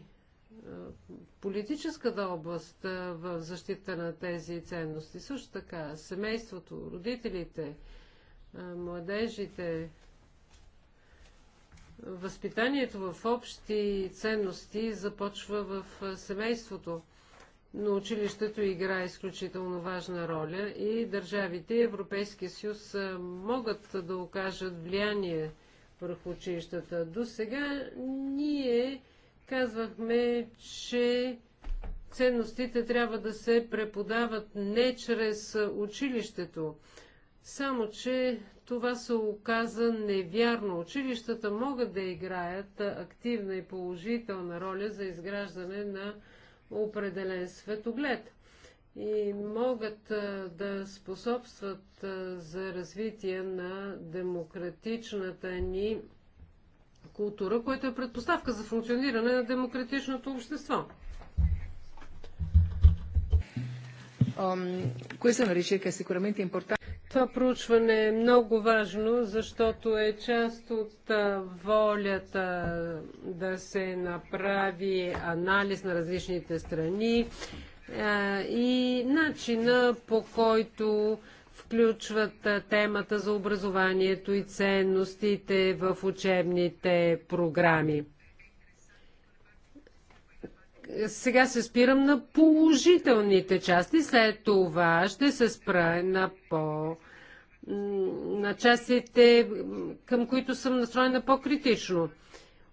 C: политическата област в защита на тези ценности. Също така, семейството, родителите, младежите, възпитанието в общи ценности започва в семейството но училището играе изключително важна роля и държавите и Европейския съюз могат да окажат влияние върху училищата. До сега ние казвахме, че ценностите трябва да се преподават не чрез училището, само че това се оказа невярно. Училищата могат да играят активна и положителна роля за изграждане на определен светоглед и могат да способстват за развитие на демократичната ни култура, което е предпоставка за функциониране на демократичното общество. Um, questa è una ricerca sicuramente importante. Това проучване е много важно, защото е част от волята да се направи анализ на различните страни и начина по който включват темата за образованието и ценностите в учебните програми сега се спирам на положителните части, след това ще се спра на по на частите, към които съм настроена по-критично.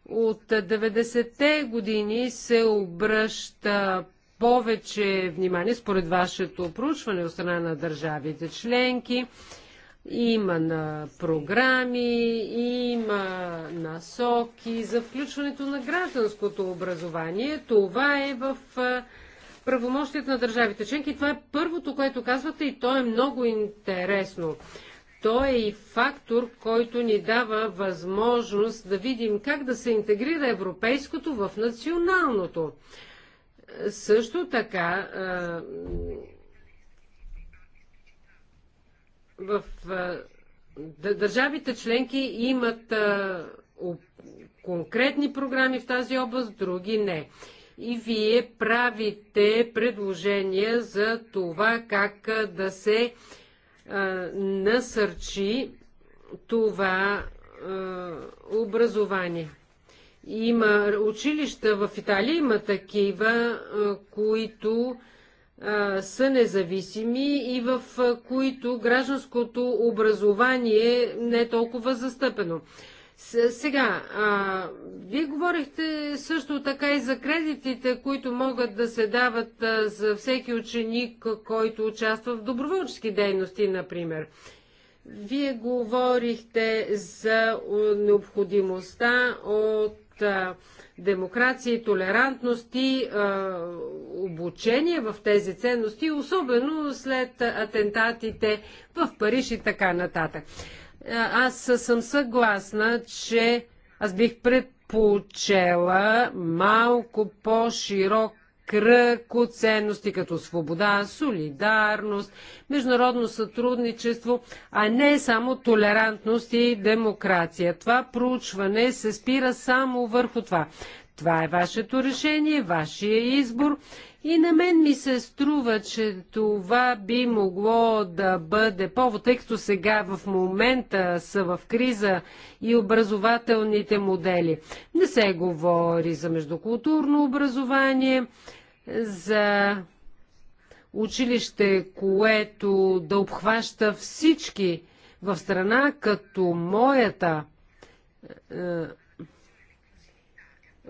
C: От 90-те години се обръща повече внимание, според вашето проучване от страна на държавите членки, има на програми, има насоки за включването на гражданското образование. Това е в правомощията на държавите членки. Това е първото, което казвате и то е много интересно. То е и фактор, който ни дава възможност да видим как да се интегрира европейското в националното. Също така, в държавите членки имат конкретни програми в тази област, други не. И вие правите предложения за това как да се насърчи това образование. Има училища в Италия, има такива, които са независими и в които гражданското образование не е толкова застъпено. Сега, а, вие говорихте също така и за кредитите, които могат да се дават а, за всеки ученик, който участва в доброволчески дейности, например. Вие говорихте за необходимостта от а, демокрация и толерантност и а, обучение в тези ценности, особено след атентатите в Париж и така нататък. Аз съм съгласна, че аз бих предпочела малко по-широк кръг от ценности като свобода, солидарност, международно сътрудничество, а не само толерантност и демокрация. Това проучване се спира само върху това. Това е вашето решение, вашия избор и на мен ми се струва, че това би могло да бъде повод, тъй като сега в момента са в криза и образователните модели. Не се говори за междукултурно образование, за училище, което да обхваща всички в страна като моята. Е,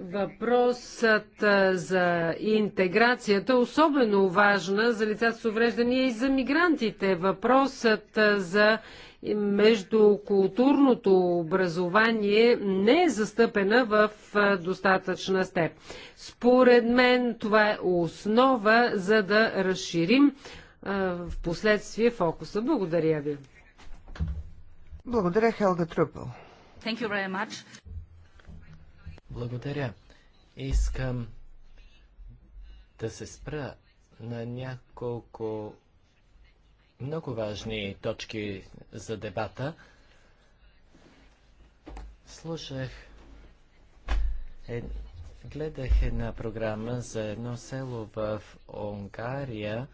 C: въпросът е, за интеграцията е особено важна за лицата с увреждания и за мигрантите. Въпросът е, за междукултурното образование не е застъпена в достатъчна степ. Според мен това е основа за да разширим в последствие фокуса.
B: Благодаря ви. Благодаря, Хелга Трупъл. Благодаря. Искам
A: да се спра на няколко много важни точки за дебата. Слушах, е, гледах една програма за едно село в Унгария,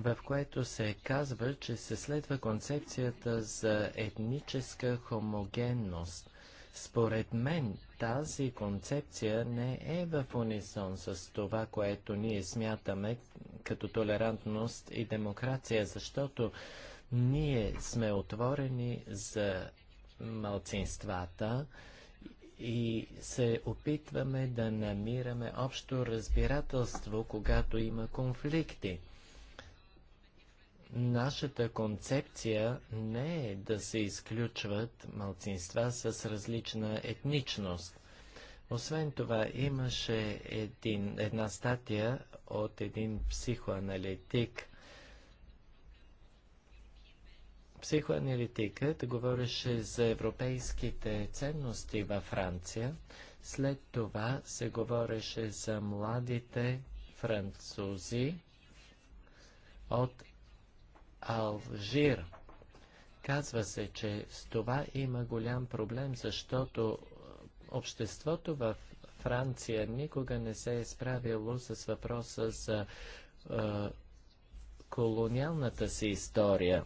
A: в което се казва, че се следва концепцията за етническа хомогенност – според мен тази концепция не е в унисон с това, което ние смятаме като толерантност и демокрация, защото ние сме отворени за малцинствата и се опитваме да намираме общо разбирателство, когато има конфликти. Нашата концепция не е да се изключват малцинства с различна етничност. Освен това, имаше един, една статия от един психоаналитик. Психоаналитикът говореше за европейските ценности във Франция. След това се говореше за младите французи от Алжир. Казва се, че с това има голям проблем, защото е, обществото в Франция никога не се е справило с въпроса за е, колониалната си история.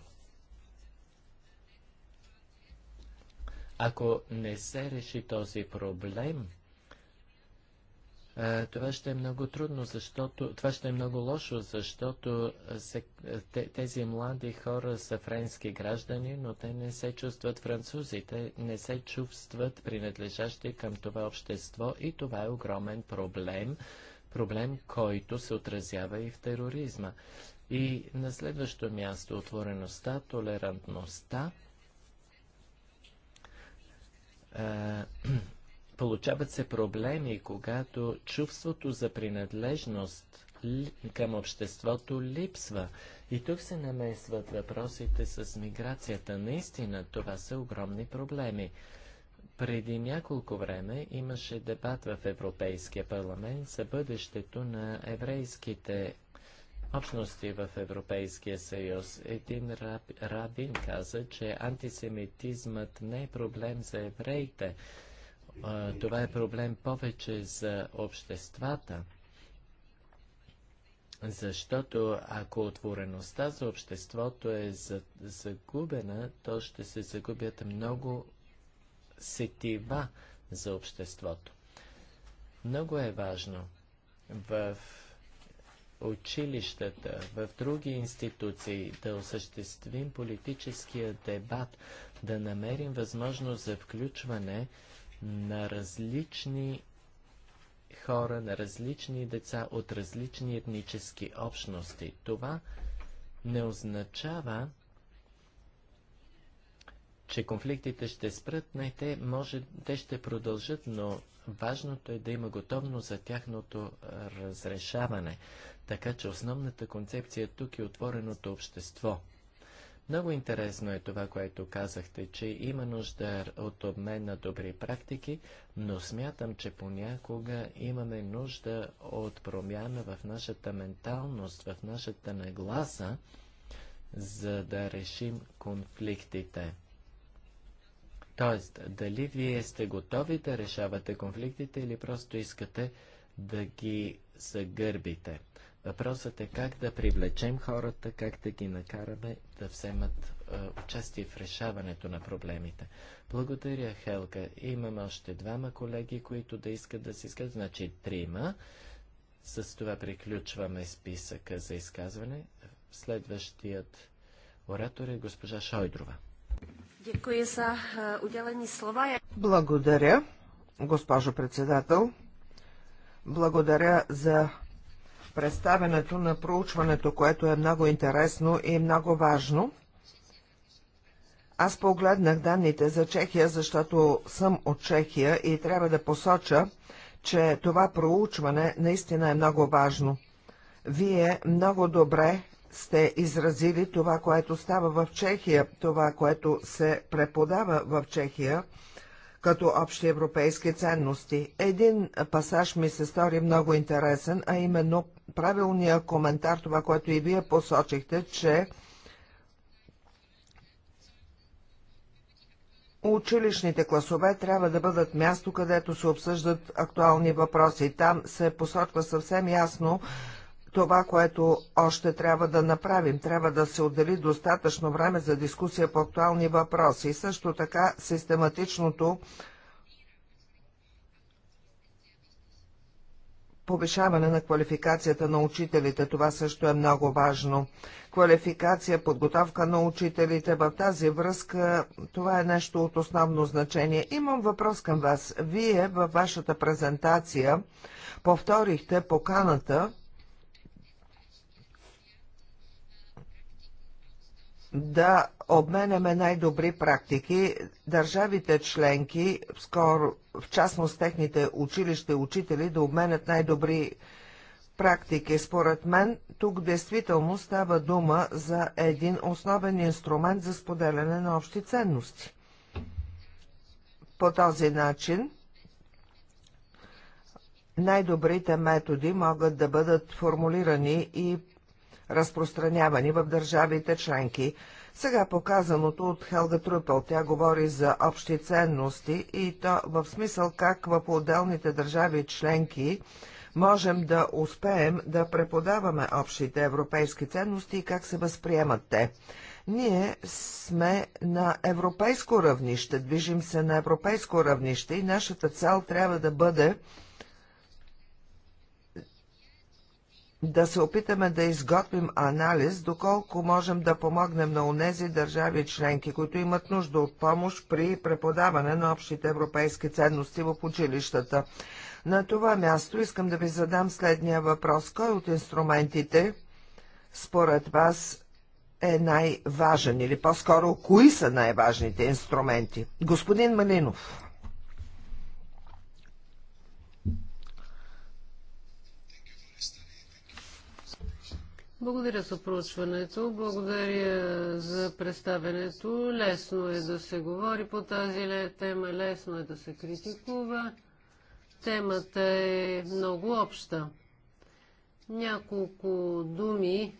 A: Ако не се реши този проблем, това ще е много трудно, защото това ще е много лошо, защото се, тези млади хора са френски граждани, но те не се чувстват французи, те не се чувстват принадлежащи към това общество и това е огромен проблем, проблем, който се отразява и в тероризма. И на следващо място отвореността, толерантността. [clears throat] получават се проблеми, когато чувството за принадлежност към обществото липсва. И тук се намесват въпросите с миграцията. Наистина, това са огромни проблеми. Преди няколко време имаше дебат в Европейския парламент за бъдещето на еврейските общности в Европейския съюз. Един раб, рабин каза, че антисемитизмът не е проблем за евреите това е проблем повече за обществата, защото ако отвореността за обществото е загубена, то ще се загубят много сетива за обществото. Много е важно в училищата, в други институции да осъществим политическия дебат, да намерим възможност за включване на различни хора, на различни деца от различни етнически общности. Това не означава, че конфликтите ще спрат, не, те, може, те ще продължат, но важното е да има готовност за тяхното разрешаване. Така че основната концепция тук е отвореното общество – много интересно е това, което казахте, че има нужда от обмен на добри практики, но смятам, че понякога имаме нужда от промяна в нашата менталност, в нашата нагласа, за да решим конфликтите. Тоест, дали вие сте готови да решавате конфликтите или просто искате да ги загърбите. Въпросът е как да привлечем хората, как да ги накараме да вземат е, участие в решаването на проблемите. Благодаря, Хелга. Имам още двама колеги, които да искат да се искат, значи трима. С това приключваме списъка за изказване. Следващият
B: оратор е госпожа Шойдрова. Е, Благодаря, госпожо председател. Благодаря за представенето на проучването, което е много интересно и много важно. Аз погледнах данните за Чехия, защото съм от Чехия и трябва да посоча, че това проучване наистина е много важно. Вие много добре сте изразили това, което става в Чехия, това, което се преподава в Чехия като общи европейски ценности. Един пасаж ми се стори много интересен, а именно правилния коментар, това, което и вие посочихте, че Училищните класове трябва да бъдат място, където се обсъждат актуални въпроси. Там се посочва съвсем ясно това, което още трябва да направим. Трябва да се отдели достатъчно време за дискусия по актуални въпроси и също така систематичното повишаване на квалификацията на учителите. Това също е много важно. Квалификация, подготовка на учителите в тази връзка, това е нещо от основно значение. Имам въпрос към вас. Вие във вашата презентация повторихте поканата да обменяме най-добри практики. Държавите членки, скоро, в частност техните училища и учители, да обменят най-добри практики. Според мен, тук действително става дума за един основен инструмент за споделяне на общи ценности. По този начин, най-добрите методи могат да бъдат формулирани и разпространявани в държавите членки. Сега показаното от Хелга Трупел, тя говори за общи ценности и то в смисъл как в отделните държави членки можем да успеем да преподаваме общите европейски ценности и как се възприемат те. Ние сме на европейско равнище, движим се на европейско равнище и нашата цел трябва да бъде да се опитаме да изготвим анализ, доколко можем да помогнем на унези държави членки, които имат нужда от помощ при преподаване на общите европейски ценности в училищата. На това място искам да ви задам следния въпрос. Кой от инструментите според вас е най-важен или по-скоро кои са най-важните инструменти? Господин Малинов.
C: Благодаря за проучването, благодаря за представенето. Лесно е да се говори по тази тема, лесно е да се критикува. Темата е много обща. Няколко думи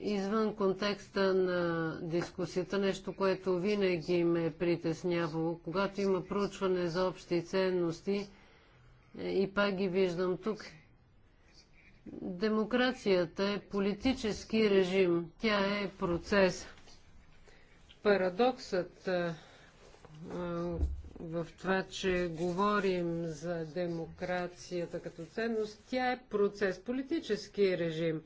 C: извън контекста на дискусията, нещо, което винаги ме е притеснявало. Когато има проучване за общи ценности, е, и пак ги виждам тук, Демокрацията е политически режим. Тя е процес. Парадоксът а, в това, че говорим за демокрацията като ценност, тя е процес, политически режим.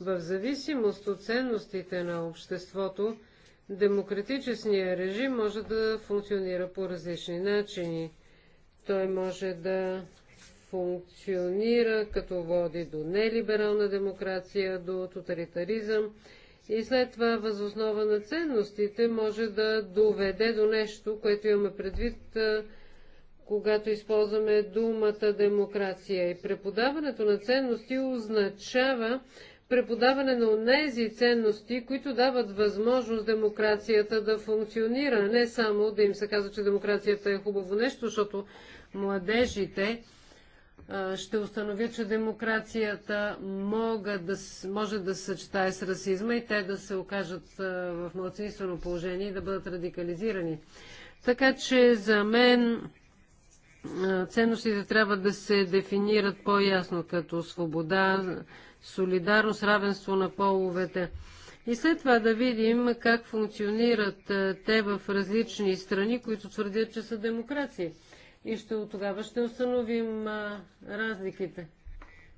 C: В зависимост от ценностите на обществото, демократичният режим може да функционира по различни начини. Той може да функционира, като води до нелиберална демокрация, до тоталитаризъм и след това възоснова на ценностите може да доведе до нещо, което имаме предвид, когато използваме думата демокрация. И преподаването на ценности означава преподаване на тези ценности, които дават възможност демокрацията да функционира, не само да им се казва, че демокрацията е хубаво нещо, защото младежите ще установя, че демокрацията да, може да се съчетае с расизма и те да се окажат в младсинствено положение и да бъдат радикализирани. Така че за мен ценностите трябва да се дефинират по-ясно като свобода, солидарност, равенство на половете. И след това да видим как функционират те в различни страни, които твърдят, че са демокрации и ще, тогава ще установим а, разликите.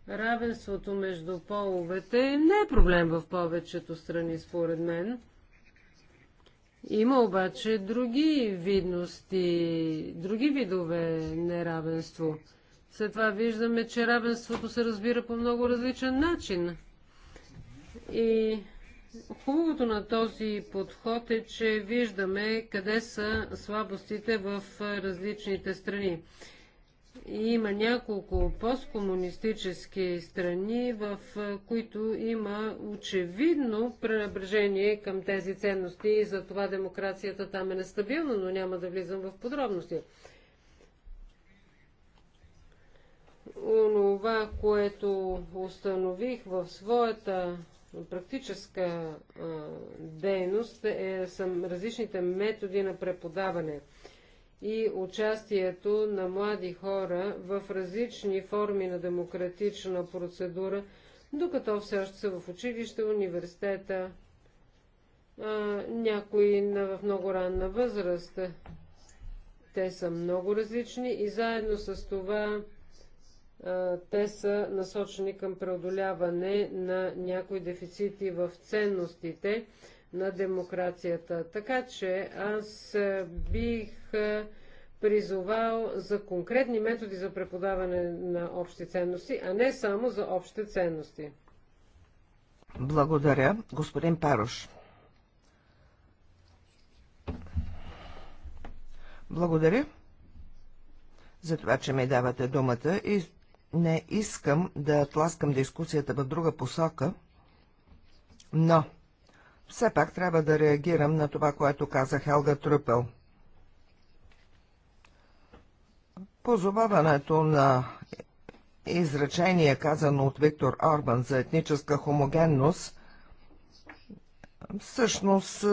C: Равенството между половете не е проблем в повечето страни, според мен. Има обаче други видности, други видове неравенство. След това виждаме, че равенството се разбира по много различен начин. И Хубавото на този подход е, че виждаме къде са слабостите в различните страни. Има няколко посткомунистически страни, в които има очевидно пренебрежение към тези ценности и затова демокрацията там е нестабилна, но няма да влизам в подробности. Онова, което установих в своята практическа дейност е, са различните методи на преподаване и участието на млади хора в различни форми на демократична процедура, докато все още са в училище, университета, някои на, в много ранна възраст. Те са много различни и заедно с това те са насочени към преодоляване на някои дефицити в ценностите на демокрацията. Така че аз бих призовал за конкретни методи за преподаване на общи ценности, а не само за общи ценности.
B: Благодаря, господин Парош. Благодаря за това, че ми давате думата и не искам да тласкам дискусията в друга посока, но все пак трябва да реагирам на това, което каза Хелга Трупел. Позоваването на изречение, казано от Виктор Орбан за етническа хомогенност, всъщност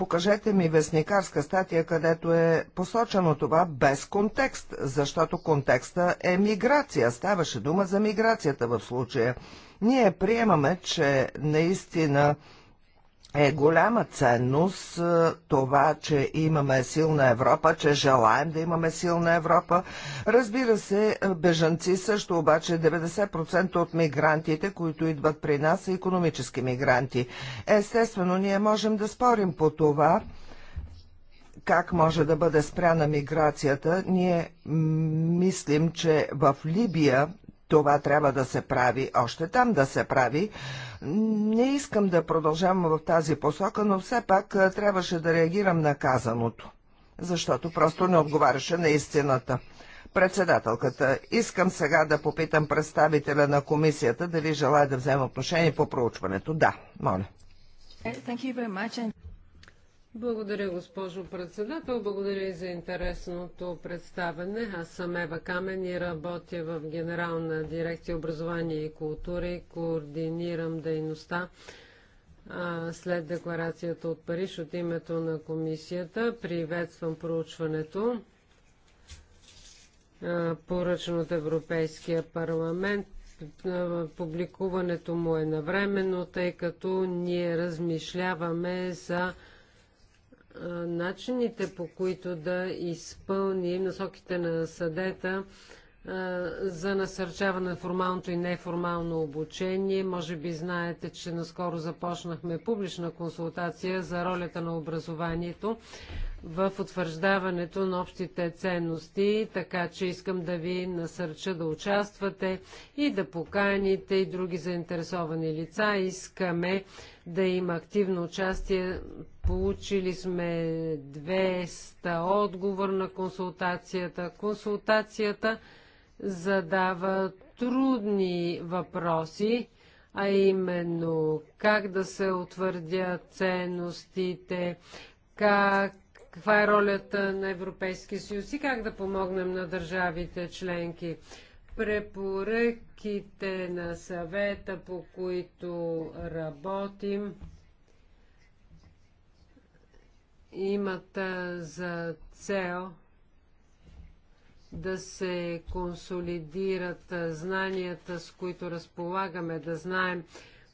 B: покажете ми вестникарска статия, където е посочено това без контекст, защото контекста е миграция. Ставаше дума за миграцията в случая. Ние приемаме, че наистина е голяма ценност е, това, че имаме силна Европа, че желаем да имаме силна Европа. Разбира се, е, бежанци също, обаче 90% от мигрантите, които идват при нас, са економически мигранти. Естествено, ние можем да спорим по това, как може да бъде спряна миграцията. Ние мислим, че в Либия това трябва да се прави, още там да се прави. Не искам да продължавам в тази посока, но все пак трябваше да реагирам на казаното, защото просто не отговаряше на истината. Председателката, искам сега да попитам представителя на комисията дали желая да взема отношение по проучването. Да, моля.
C: Благодаря, госпожо председател. Благодаря и за интересното представене. Аз съм Ева Камен и работя в Генерална дирекция образование и култура и координирам дейността след декларацията от Париж от името на комисията. Приветствам проучването поръчно от Европейския парламент. Публикуването му е навременно, тъй като ние размишляваме за начините по които да изпълним насоките на съдета за насърчаване на формалното и неформално обучение. Може би знаете, че наскоро започнахме публична консултация за ролята на образованието в утвърждаването на общите ценности, така че искам да ви насърча да участвате и да поканите и други заинтересовани лица. Искаме да има активно участие. Получили сме 200 отговор на консултацията. Консултацията задава трудни въпроси, а именно как да се утвърдят ценностите, как, каква е ролята на Европейския съюз и как да помогнем на държавите членки препоръките на съвета, по които работим, имат за цел да се консолидират знанията, с които разполагаме, да знаем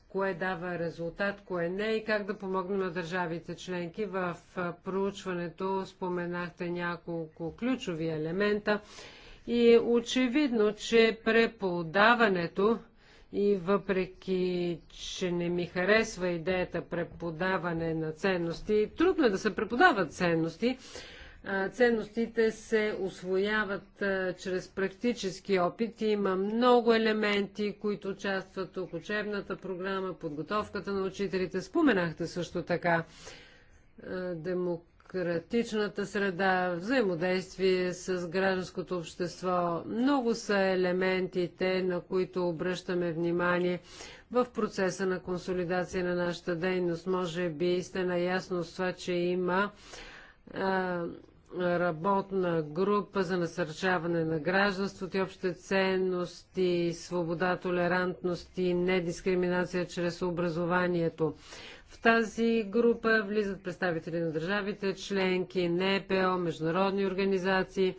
C: кое дава резултат, кое не и как да помогнем на държавите членки. В проучването споменахте няколко ключови елемента и е очевидно, че преподаването и въпреки, че не ми харесва идеята преподаване на ценности, трудно е да се преподават ценности. Ценностите се освояват а, чрез практически опит. Има много елементи, които участват тук. Учебната програма, подготовката на учителите. Споменахте също така демократ демократичната среда, взаимодействие с гражданското общество. Много са елементите, на които обръщаме внимание в процеса на консолидация на нашата дейност. Може би сте наясно с това, че има а, работна група за насърчаване на гражданството и общите ценности, свобода, толерантност и недискриминация чрез образованието. В тази група влизат представители на държавите, членки, НПО, международни организации.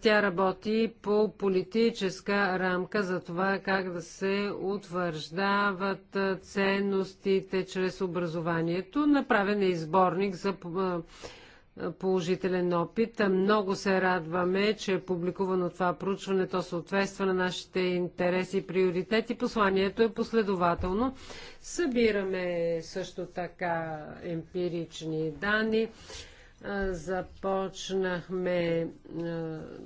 C: Тя работи по политическа рамка за това как да се утвърждават ценностите чрез образованието. Направен е изборник за положителен опит. Много се радваме, че е публикувано това проучване. То съответства на нашите интереси и приоритети. Посланието е последователно. Събираме също така емпирични данни. Започнахме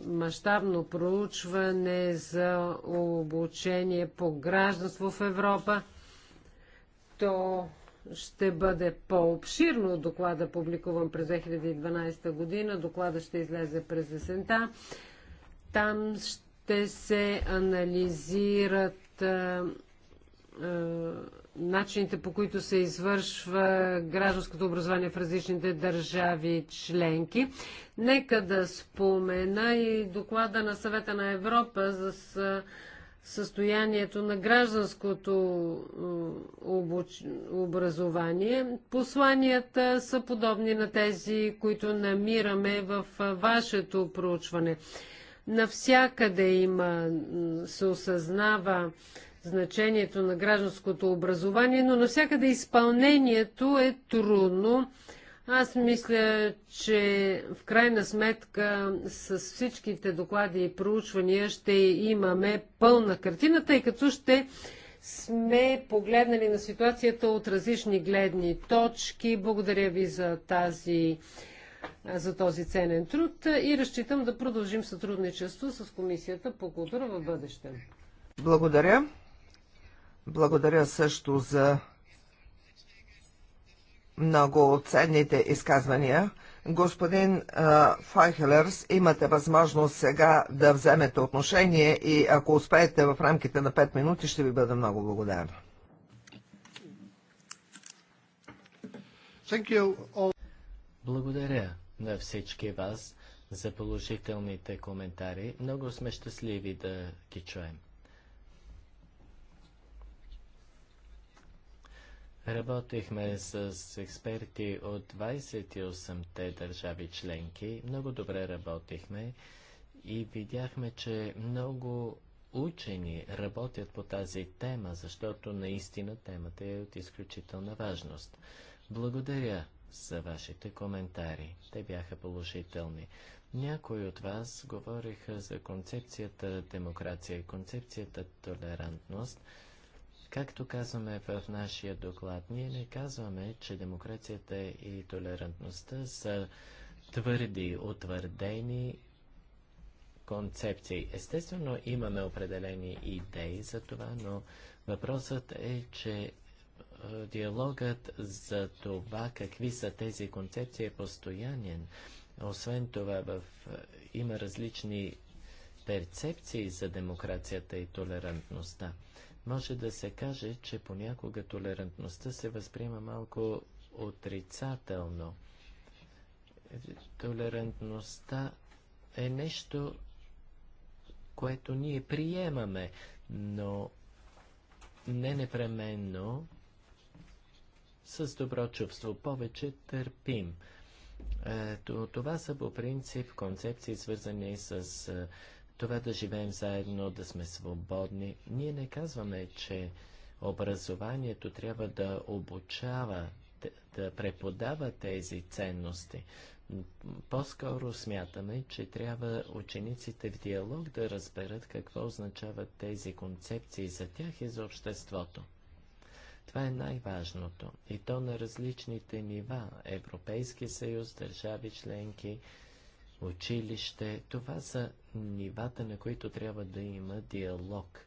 C: мащабно проучване за обучение по гражданство в Европа. То ще бъде по-обширно от доклада, публикуван през 2012 година. Доклада ще излезе през есента. Там ще се анализират а, а, начините по които се извършва гражданското образование в различните държави членки. Нека да спомена и доклада на съвета на Европа за състоянието на гражданското обуч... образование. Посланията са подобни на тези, които намираме в вашето проучване. Навсякъде има, се осъзнава значението на гражданското образование, но навсякъде изпълнението е трудно. Аз мисля, че в крайна сметка с всичките доклади и проучвания ще имаме пълна картина, тъй като ще сме погледнали на ситуацията от различни гледни точки. Благодаря ви за тази за този ценен труд и разчитам да продължим сътрудничество с Комисията по култура в бъдеще.
B: Благодаря. Благодаря също за много ценните изказвания. Господин Файхелерс, имате възможност сега да вземете отношение и ако успеете в рамките на 5 минути, ще ви бъда много благодарна. Благодаря
A: на всички вас за положителните коментари. Много сме щастливи да ги чуем. Работихме с експерти от 28-те държави членки. Много добре работихме и видяхме, че много учени работят по тази тема, защото наистина темата е от изключителна важност. Благодаря за вашите коментари. Те бяха положителни. Някои от вас говориха за концепцията демокрация и концепцията толерантност – Както казваме в нашия доклад, ние не казваме, че демокрацията и толерантността са твърди, утвърдени концепции. Естествено, имаме определени идеи за това, но въпросът е, че е, диалогът за това какви са тези концепции е постоянен. Освен това, в, е, има различни перцепции за демокрацията и толерантността може да се каже, че понякога толерантността се възприема малко отрицателно. Толерантността е нещо, което ние приемаме, но не непременно с добро чувство. Повече търпим. Е, това са по принцип концепции, свързани с е, това да живеем заедно, да сме свободни. Ние не казваме, че образованието трябва да обучава, да, преподава тези ценности. По-скоро смятаме, че трябва учениците в диалог да разберат какво означават тези концепции за тях и за обществото. Това е най-важното. И то на различните нива – Европейски съюз, държави членки – училище. Това са нивата, на които трябва да има диалог.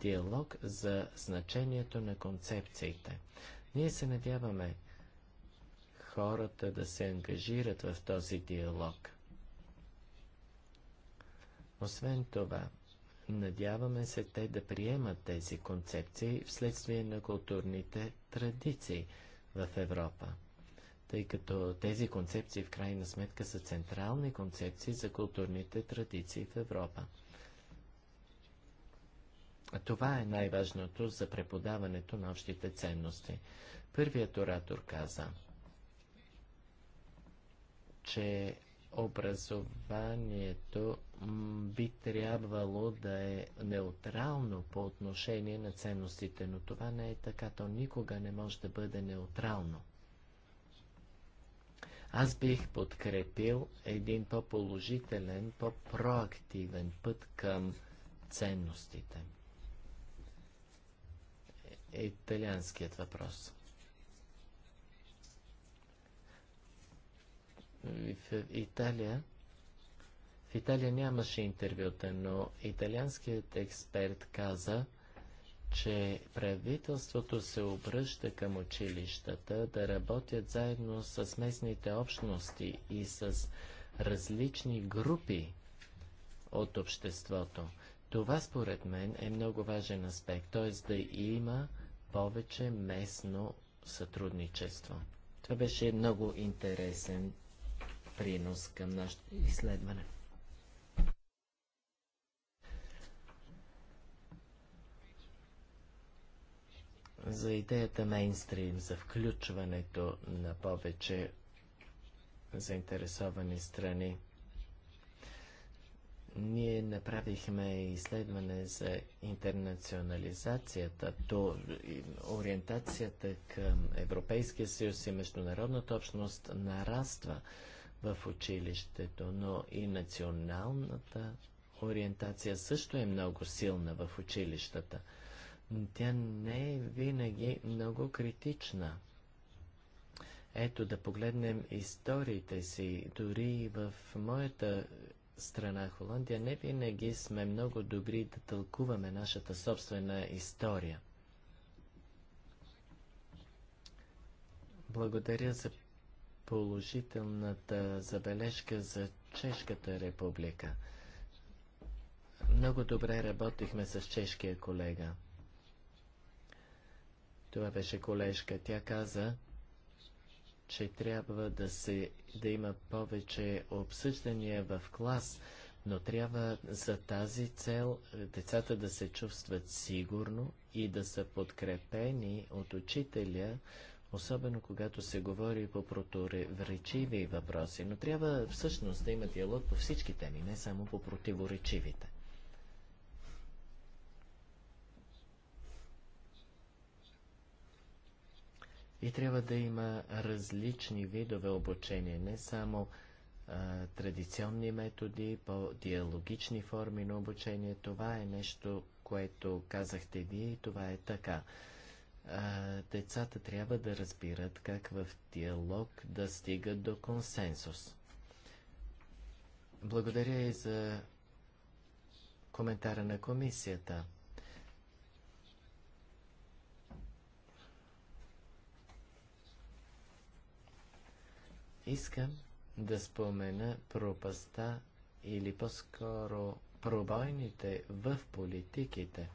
A: Диалог за значението на концепциите. Ние се надяваме хората да се ангажират в този диалог. Освен това, надяваме се те да приемат тези концепции вследствие на културните традиции в Европа тъй като тези концепции в крайна сметка са централни концепции за културните традиции в Европа. Това е най-важното за преподаването на общите ценности. Първият оратор каза, че образованието би трябвало да е неутрално по отношение на ценностите, но това не е така. То никога не може да бъде неутрално. Аз бих подкрепил един по-положителен, по-проактивен път към ценностите. Е, италианският въпрос. В Италия в Италия нямаше интервюта, но италианският експерт каза, че правителството се обръща към училищата да работят заедно с местните общности и с различни групи от обществото. Това според мен е много важен аспект, т.е. да има повече местно сътрудничество. Това беше много интересен принос към нашето изследване. за идеята мейнстрим, за включването на повече заинтересовани страни. Ние направихме изследване за интернационализацията, то ориентацията към Европейския съюз и международната общност нараства в училището, но и националната ориентация също е много силна в училищата – тя не е винаги много критична. Ето да погледнем историите си. Дори и в моята страна Холандия не винаги сме много добри да тълкуваме нашата собствена история. Благодаря за положителната забележка за Чешката република. Много добре работихме с чешкия колега. Това беше колежка. Тя каза, че трябва да, се, да има повече обсъждания в клас, но трябва за тази цел е, децата да се чувстват сигурно и да са подкрепени от учителя, особено когато се говори по противоречиви въпроси. Но трябва всъщност да има диалог по всички теми, не само по противоречивите. И трябва да има различни видове обучение, не само а, традиционни методи, по-диалогични форми на обучение. Това е нещо, което казахте вие и това е така. А, децата трябва да разбират как в диалог да стигат до консенсус. Благодаря и за коментара на комисията. Искам да спомена пропаста или по-скоро пробойните в политиките.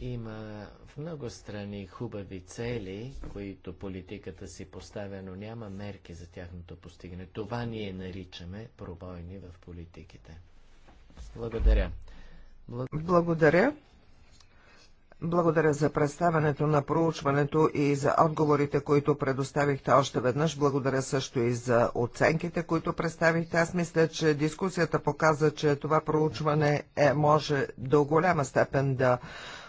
A: Има в много страни хубави цели, които политиката си поставя, но няма мерки за тяхното постигане. Това ние наричаме пробойни в политиките. Благодаря.
B: Благодаря. Благодаря. Благодаря за представането на проучването и за отговорите, които предоставихте още веднъж. Благодаря също и за оценките, които представихте. Аз мисля, че дискусията показа, че това проучване е, може до голяма степен да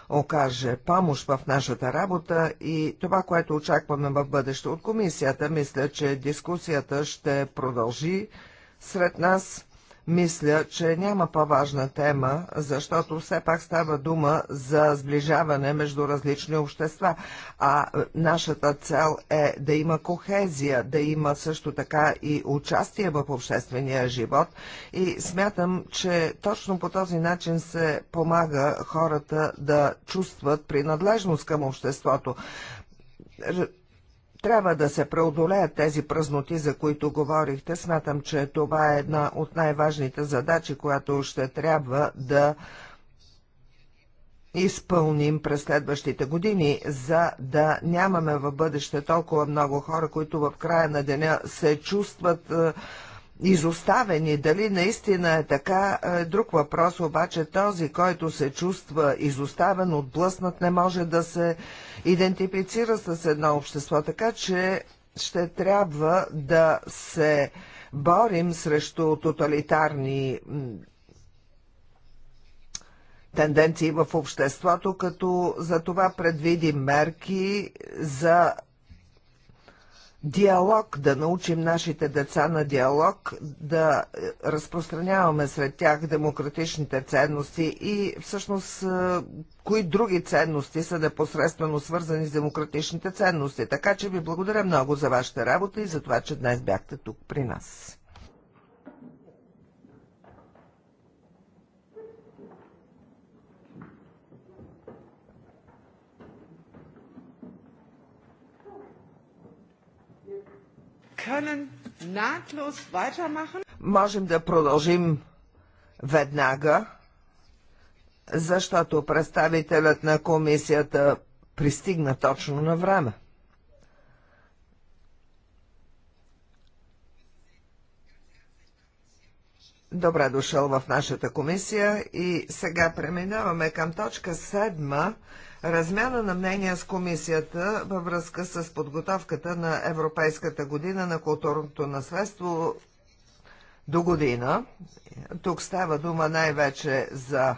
B: окаже помощ в нашата работа и това, което очакваме в бъдеще от комисията. Мисля, че дискусията ще продължи сред нас. Мисля, че няма по-важна тема, защото все пак става дума за сближаване между различни общества, а е, нашата цел е да има кохезия, да има също така и участие в обществения живот и смятам, че точно по този начин се помага хората да чувстват принадлежност към обществото трябва да се преодолеят тези празноти, за които говорихте. Смятам, че това е една от най-важните задачи, която ще трябва да изпълним през следващите години, за да нямаме в бъдеще толкова много хора, които в края на деня се чувстват е, изоставени. Дали наистина е така, е друг въпрос, обаче този, който се чувства изоставен, отблъснат, не може да се идентифицира с едно общество, така че ще трябва да се борим срещу тоталитарни тенденции в обществото, като за това предвидим мерки за диалог, да научим нашите деца на диалог, да е, разпространяваме сред тях демократичните ценности и всъщност е, кои други ценности са непосредствено свързани с демократичните ценности. Така че ви благодаря много за вашата работа и за това, че днес бяхте тук при нас. Можем да продължим веднага, защото представителят на комисията пристигна точно на време. Добре дошъл в нашата комисия и сега преминаваме към точка седма Размяна на мнения с комисията във връзка с подготовката на Европейската година на културното наследство до година. Тук става дума най-вече за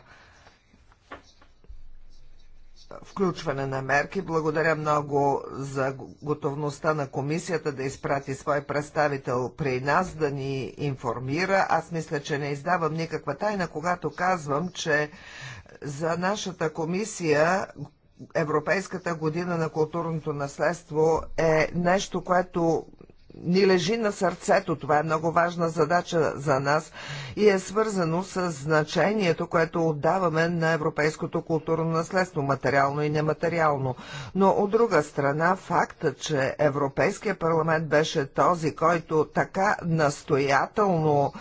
B: включване на мерки. Благодаря много за готовността на комисията да изпрати свой представител при нас, да ни информира. Аз мисля, че не издавам никаква тайна, когато казвам, че за нашата комисия Европейската година на културното наследство е нещо, което ни лежи на сърцето. Това е много важна задача за нас и е свързано с значението, което отдаваме на европейското културно наследство, материално и нематериално. Но от друга страна, факта, че Европейския парламент беше този, който така настоятелно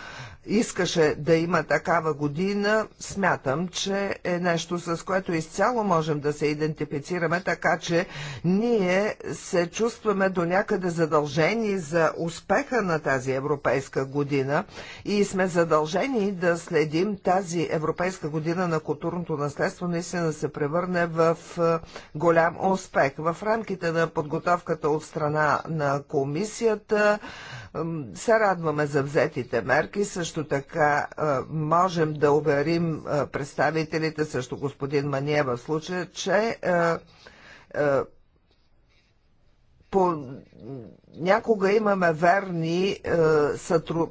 B: искаше да има такава година, смятам, че е нещо, с което изцяло можем да се идентифицираме, така че ние се чувстваме до някъде задължени за успеха на тази европейска година и сме задължени да следим тази европейска година на културното наследство наистина да се превърне в е, голям успех. В рамките на подготовката от страна на комисията се радваме за взетите мерки, също също така можем да уверим представителите, също господин Мания в случая, че по... някога имаме верни е, сътру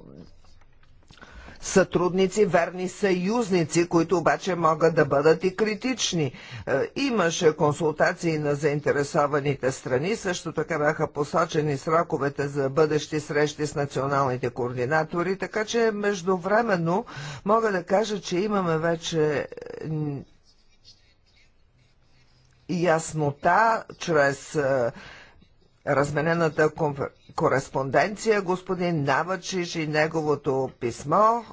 B: сътрудници, верни съюзници, които обаче могат да бъдат и критични. Е, имаше консултации на заинтересованите страни, също така бяха посочени сроковете за бъдещи срещи с националните координатори, така че междувременно мога да кажа, че имаме вече яснота чрез е, разменената конфер кореспонденция, господин Навачиш и неговото писмо, е,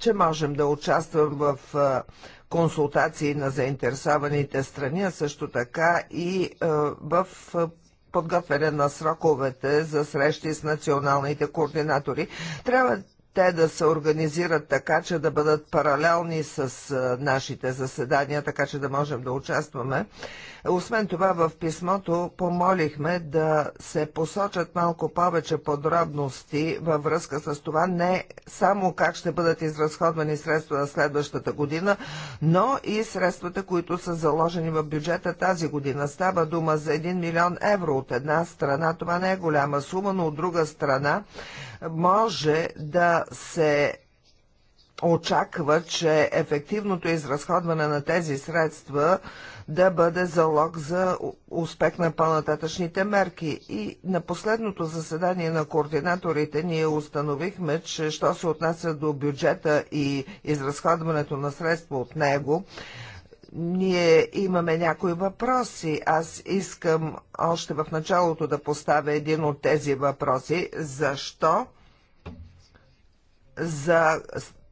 B: че можем да участвам в е, консултации на заинтересованите страни, а също така и е, в подготвяне на сроковете за срещи с националните координатори. Трябва те да се организират така, че да бъдат паралелни с нашите заседания, така че да можем да участваме. Освен това в писмото помолихме да се посочат малко повече подробности във връзка с това не само как ще бъдат изразходвани средства на следващата година, но и средствата, които са заложени в бюджета тази година. Става дума за 1 милион евро от една страна. Това не е голяма сума, но от друга страна може да се очаква, че ефективното изразходване на тези средства да бъде залог за успех на по-нататъчните мерки. И на последното заседание на координаторите ние установихме, че що се отнася до бюджета и изразходването на средства от него, ние имаме някои въпроси. Аз искам още в началото да поставя един от тези въпроси. Защо за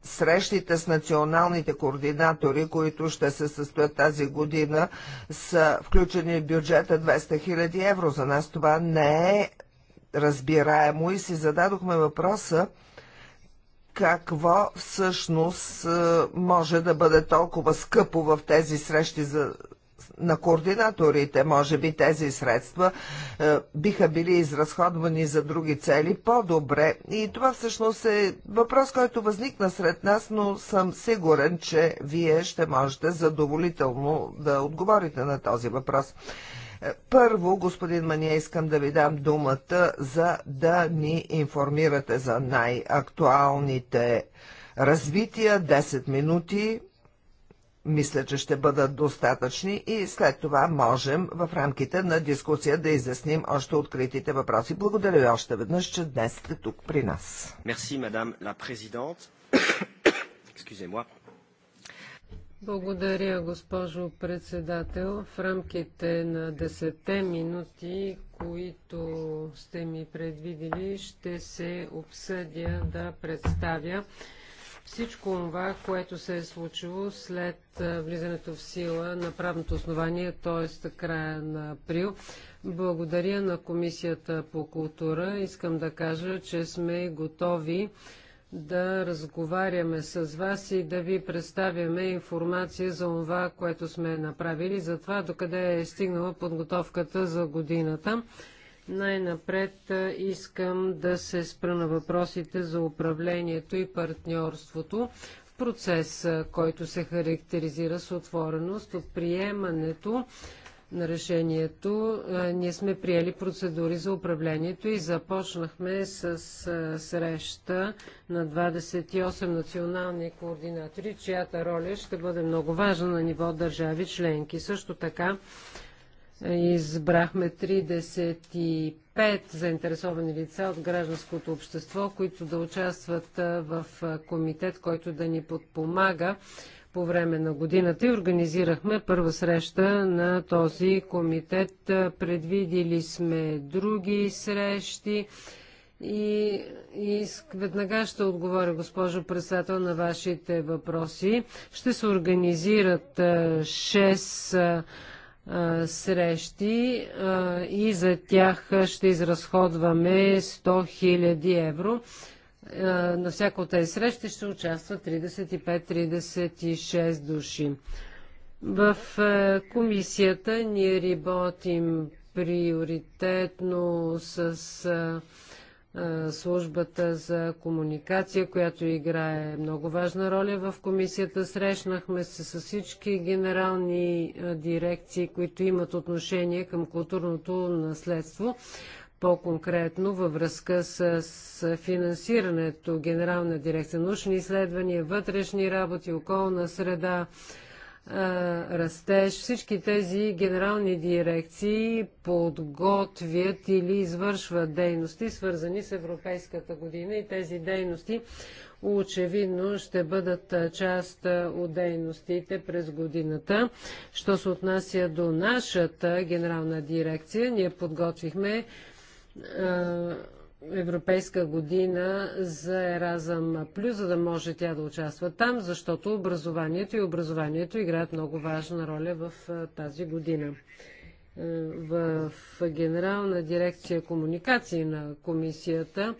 B: срещите с националните координатори, които ще се състоят тази година, са включени в бюджета 200 000 евро. За нас това не е разбираемо и си зададохме въпроса какво всъщност е, може да бъде толкова скъпо в тези срещи за на координаторите. Може би тези средства е, биха били изразходвани за други цели по-добре. И това всъщност е въпрос, който възникна сред нас, но съм сигурен, че вие ще можете задоволително да отговорите на този въпрос. Е, първо, господин Мания, искам да ви дам думата, за да ни информирате за най-актуалните развития. 10 минути мисля, че ще бъдат достатъчни и след това можем в рамките на дискусия да изясним още откритите въпроси. Благодаря ви още веднъж, че днес сте тук при нас.
A: Мерси, мадам ла президент.
C: Благодаря, госпожо председател. В рамките на 10 минути, които сте ми предвидили, ще се обсъдя да представя всичко това, което се е случило след влизането в сила на правното основание, т.е. края на април, благодаря на Комисията по култура. Искам да кажа, че сме готови да разговаряме с вас и да ви представяме информация за това, което сме направили, за това докъде е стигнала подготовката за годината. Най-напред искам да се спра на въпросите за управлението и партньорството в процес, който се характеризира с отвореност от приемането на решението. Ние сме приели процедури за управлението и започнахме с среща на 28 национални координатори, чиято роля ще бъде много важна на ниво държави членки. Също така Избрахме 35 заинтересовани лица от гражданското общество, които да участват в комитет, който да ни подпомага по време на годината и организирахме първа среща на този комитет. Предвидили сме други срещи. И, и веднага ще отговоря, госпожо председател, на вашите въпроси. Ще се организират 6 срещи и за тях ще изразходваме 100 000 евро. На всяко от тези срещи ще участват 35-36 души. В комисията ние работим приоритетно с е, службата за комуникация, която играе много важна роля в комисията. Срещнахме се с всички генерални е, дирекции, които имат отношение към културното наследство. По-конкретно във връзка с финансирането Генерална дирекция научни изследвания, вътрешни работи, околна среда, растеж, всички тези генерални дирекции подготвят или извършват дейности, свързани с Европейската година и тези дейности очевидно ще бъдат част от дейностите през годината. Що се отнася до нашата генерална дирекция, ние подготвихме Европейска година за Еразъм Плюс, за да може тя да участва там, защото образованието и образованието играят много важна роля в тази година. Е, в Генерална дирекция комуникации на комисията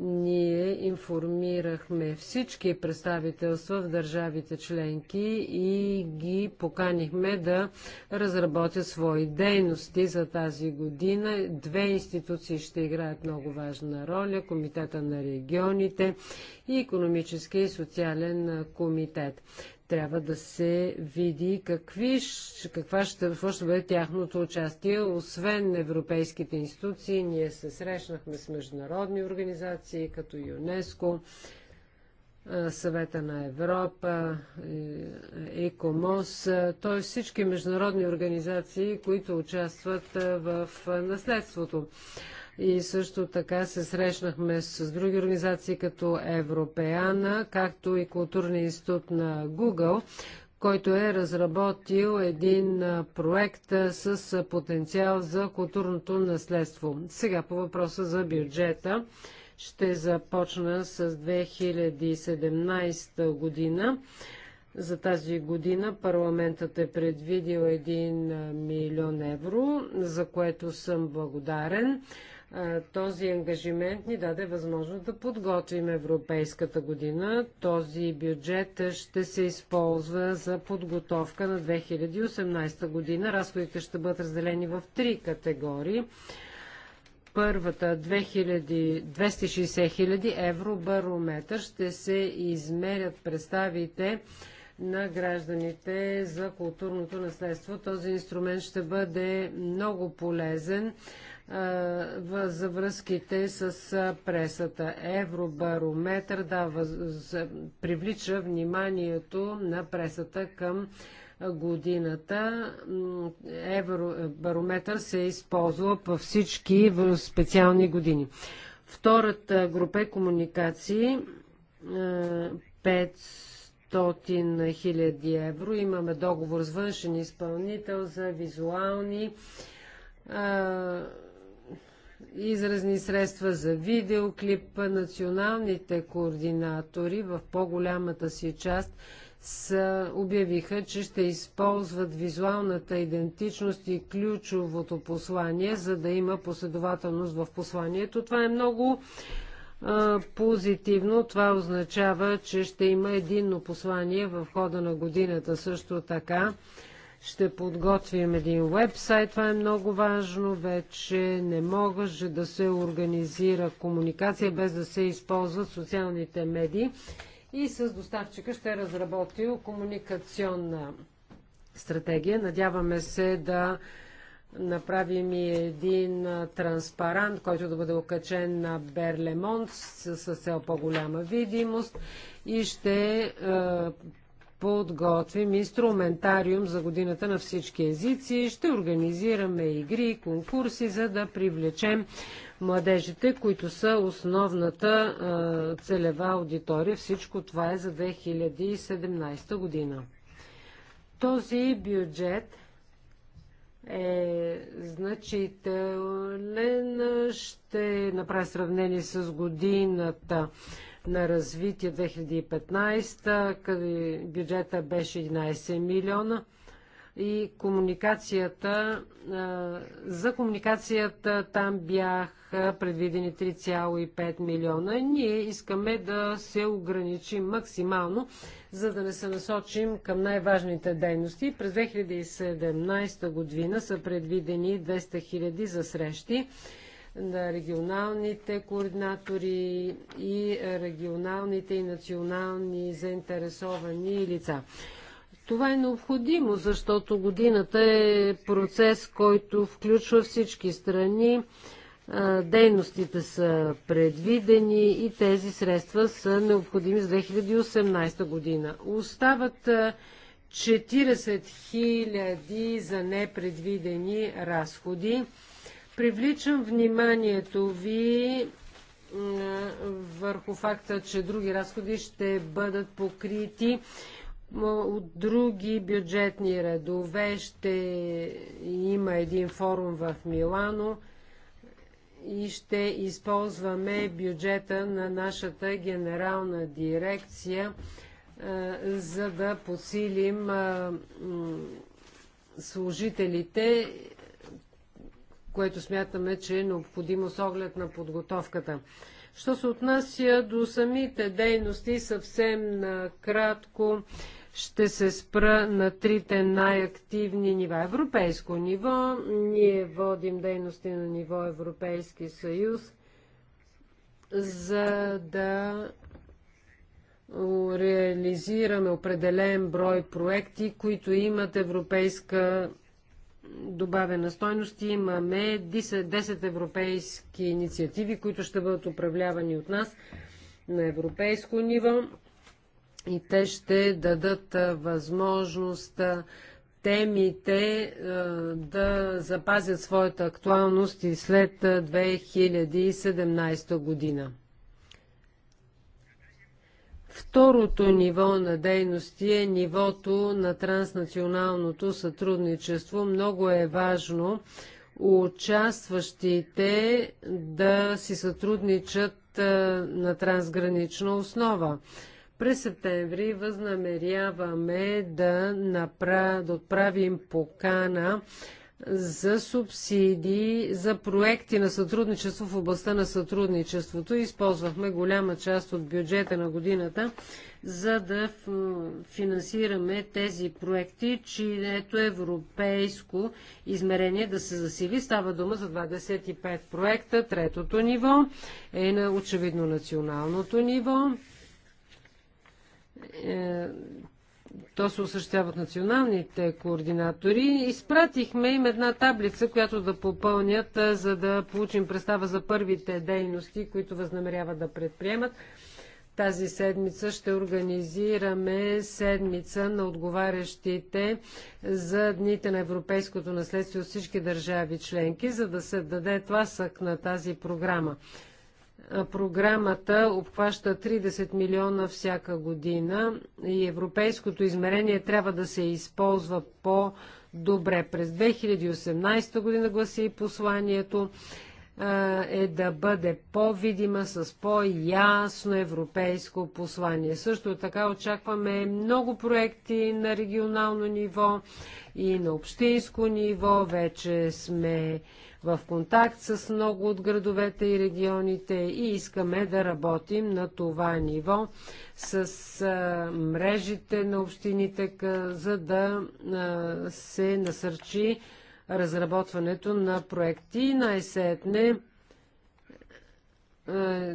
C: ние информирахме всички представителства в държавите членки и ги поканихме да разработят свои дейности за тази година. Две институции ще играят много важна роля – Комитета на регионите и Економическия и социален комитет трябва да се види какви, каква ще, какво ще бъде тяхното участие. Освен европейските институции, ние се срещнахме с международни организации, като ЮНЕСКО, Съвета на Европа, е, ЕКОМОС, т.е. всички международни организации, които участват в наследството и също така се срещнахме с други организации като Европеана, както и Културния институт на Google, който е разработил един проект с потенциал за културното наследство. Сега по въпроса за бюджета ще започна с 2017 година. За тази година парламентът е предвидил 1 милион евро, за което съм благодарен. Този ангажимент ни даде възможност да подготвим Европейската година. Този бюджет ще се използва за подготовка на 2018 година. Разходите ще бъдат разделени в три категории. Първата 260 260 хиляди барометър ще се измерят представите на гражданите за културното наследство. Този инструмент ще бъде много полезен за връзките с пресата. Евробарометър дава, привлича вниманието на пресата към годината. Евробарометър се е използва във всички специални години. Втората група е комуникации. 500 000 евро. Имаме договор с външен изпълнител за визуални изразни средства за видеоклип, националните координатори в по-голямата си част са, обявиха, че ще използват визуалната идентичност и ключовото послание, за да има последователност в посланието. Това е много позитивно. Това означава, че ще има единно послание в хода на годината също така. Ще подготвим един вебсайт, това е много важно. Вече не може да се организира комуникация без да се използват социалните медии. И с доставчика ще разработи комуникационна стратегия. Надяваме се да направим и един транспарант, който да бъде окачен на Берлемонт с, цел по-голяма видимост и ще подготвим инструментариум за годината на всички езици. Ще организираме игри, и конкурси, за да привлечем младежите, които са основната целева аудитория. Всичко това е за 2017 година. Този бюджет е значителен. Ще направя сравнение с годината на развитие 2015, къде бюджета беше 11 милиона и комуникацията, за комуникацията там бяха предвидени 3,5 милиона. Ние искаме да се ограничим максимално, за да не се насочим към най-важните дейности. През 2017 година са предвидени 200 хиляди за срещи на регионалните координатори и регионалните и национални заинтересовани лица. Това е необходимо, защото годината е процес, който включва всички страни. Дейностите са предвидени и тези средства са необходими за 2018 година. Остават 40 000 за непредвидени разходи. Привличам вниманието ви върху факта, че други разходи ще бъдат покрити от други бюджетни редове. Ще има един форум в Милано и ще използваме бюджета на нашата генерална дирекция, за да посилим служителите което смятаме, че е необходимо с оглед на подготовката. Що се отнася до самите дейности, съвсем накратко ще се спра на трите най-активни нива. Европейско ниво, ние водим дейности на ниво Европейски съюз, за да реализираме определен брой проекти, които имат европейска добавена стойност. Имаме 10 европейски инициативи, които ще бъдат управлявани от нас на европейско ниво и те ще дадат възможност темите да запазят своята актуалност и след 2017 година. Второто ниво на дейности е нивото на транснационалното сътрудничество. Много е важно участващите да си сътрудничат на трансгранична основа. През септември възнамеряваме да, направ... да отправим покана за субсидии за проекти на сътрудничество в областта на сътрудничеството. Използвахме голяма част от бюджета на годината, за да финансираме тези проекти, чието европейско измерение да се засили. Става дума за 25 проекта. Третото ниво е на очевидно националното ниво е, то се осъществяват националните координатори. Изпратихме им една таблица, която да попълнят, за да получим представа за първите дейности, които възнамеряват да предприемат. Тази седмица ще организираме седмица на отговарящите за дните на европейското наследство от всички държави членки, за да се даде тласък на тази програма. Програмата обхваща 30 милиона всяка година и европейското измерение трябва да се използва по-добре. През 2018 година гласи посланието е да бъде по-видима с по-ясно европейско послание. Също така очакваме много проекти на регионално ниво и на общинско ниво. Вече сме в контакт с много от градовете и регионите и искаме да работим на това ниво с мрежите на общините, за да се насърчи разработването на проекти и най-сетне е,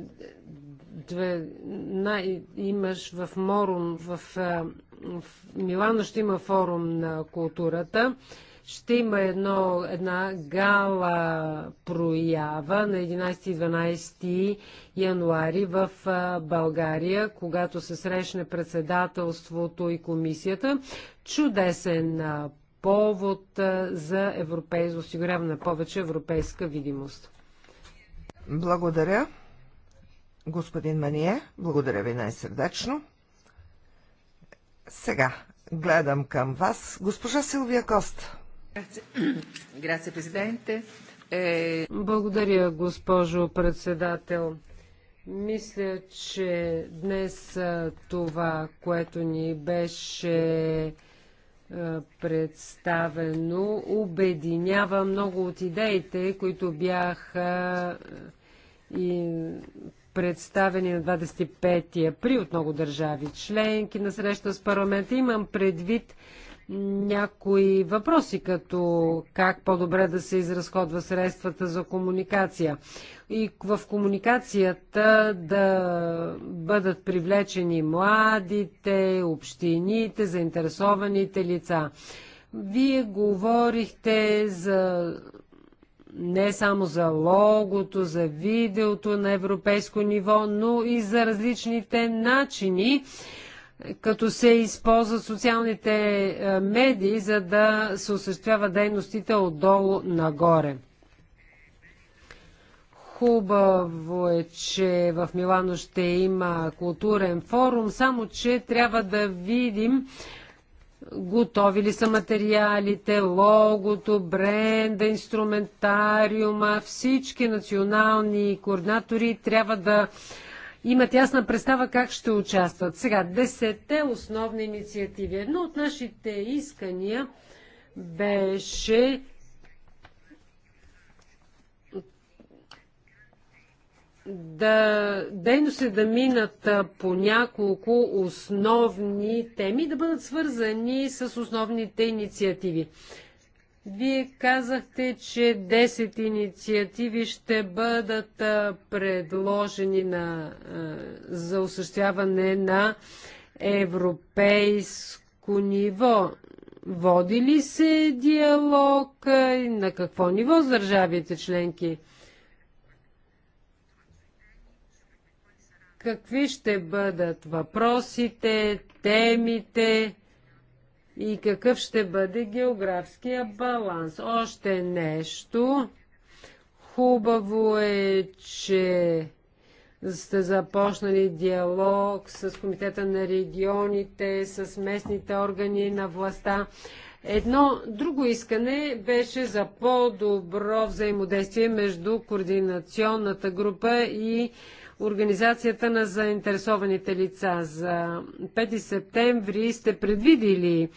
C: две, най, имаш в Морум, в, е, в Милано ще има форум на културата. Ще има едно, една гала проява на 11 и 12 януари в е, България, когато се срещне председателството и комисията. Чудесен повод за европейско осигуряване на повече европейска
B: видимост. Благодаря, господин Мание. Благодаря ви най-сърдечно. Сега гледам към вас госпожа Силвия Кост. Е,
C: Благодаря, госпожо председател. Мисля, че днес това, което ни беше представено обединява много от идеите, които бяха е, и представени на 25 април от много държави членки на среща с парламента. Имам предвид някои въпроси, като как по-добре да се изразходва средствата за комуникация и в комуникацията да бъдат привлечени младите, общините, заинтересованите лица. Вие говорихте за не само за логото, за видеото на европейско ниво, но и за различните начини като се използват социалните е, медии, за да се осъществява дейностите отдолу нагоре. Хубаво е, че в Милано ще има културен форум, само че трябва да видим готови ли са материалите, логото, бренда, инструментариума. Всички национални координатори трябва да имат ясна представа как ще участват. Сега, десетте основни инициативи. Едно от нашите искания беше да дейности да минат по няколко основни теми, да бъдат свързани с основните инициативи. Вие казахте, че 10 инициативи ще бъдат предложени на, за осъществяване на европейско ниво. Води ли се диалог и на какво ниво с държавите членки? Какви ще бъдат въпросите, темите? и какъв ще бъде географския баланс. Още нещо. Хубаво е, че сте започнали диалог с Комитета на регионите, с местните органи на властта. Едно друго искане беше за по-добро взаимодействие между координационната група и Организацията на заинтересованите лица. За 5 септември сте предвидили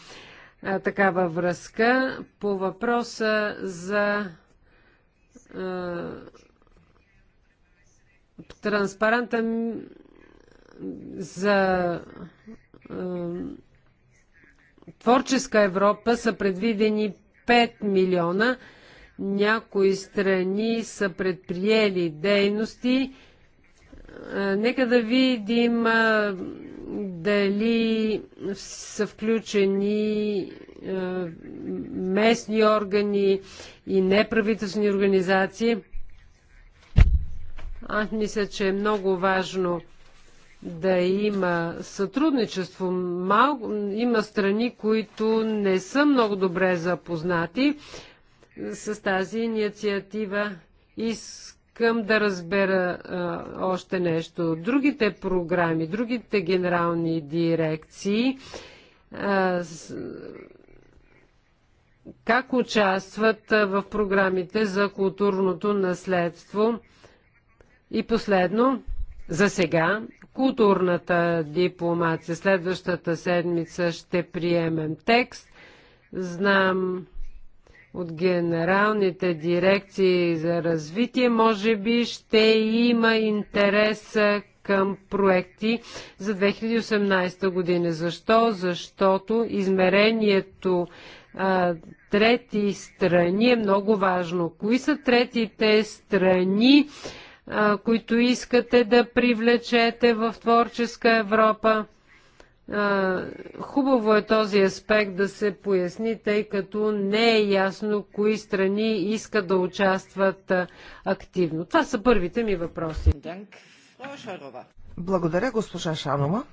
C: а, такава връзка по въпроса за а, транспаранта за а, творческа Европа са предвидени 5 милиона. Някои страни са предприели дейности, е, нека да видим е, дали са включени е, местни органи и неправителствени организации. Аз мисля, че е много важно да има сътрудничество. Малко, има страни, които не са много добре запознати с тази инициатива. Искам искам да разбера а, още нещо. Другите програми, другите генерални дирекции, а, с, как участват а, в програмите за културното наследство? И последно, за сега, културната дипломация. Следващата седмица ще приемем текст. Знам, от генералните дирекции за развитие, може би ще има интерес към проекти за 2018 година. Защо? Защото измерението а, трети страни е много важно. Кои са третите страни, а, които искате да привлечете в творческа Европа? Хубаво е този аспект да се поясни, тъй като не е ясно кои страни искат да участват активно. Това са първите ми въпроси. Благодаря, госпожа
B: Шанова.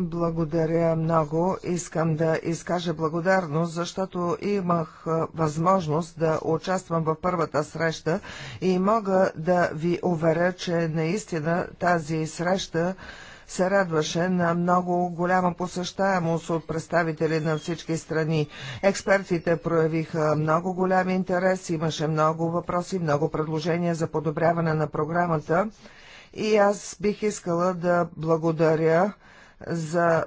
B: Благодаря много. Искам да изкажа благодарност, защото имах възможност да участвам в първата среща и мога да ви уверя, че наистина тази среща се радваше на много голяма посещаемост от представители на всички страни. Експертите проявиха много голям интерес, имаше много въпроси, много предложения за подобряване на програмата. И аз бих искала да благодаря за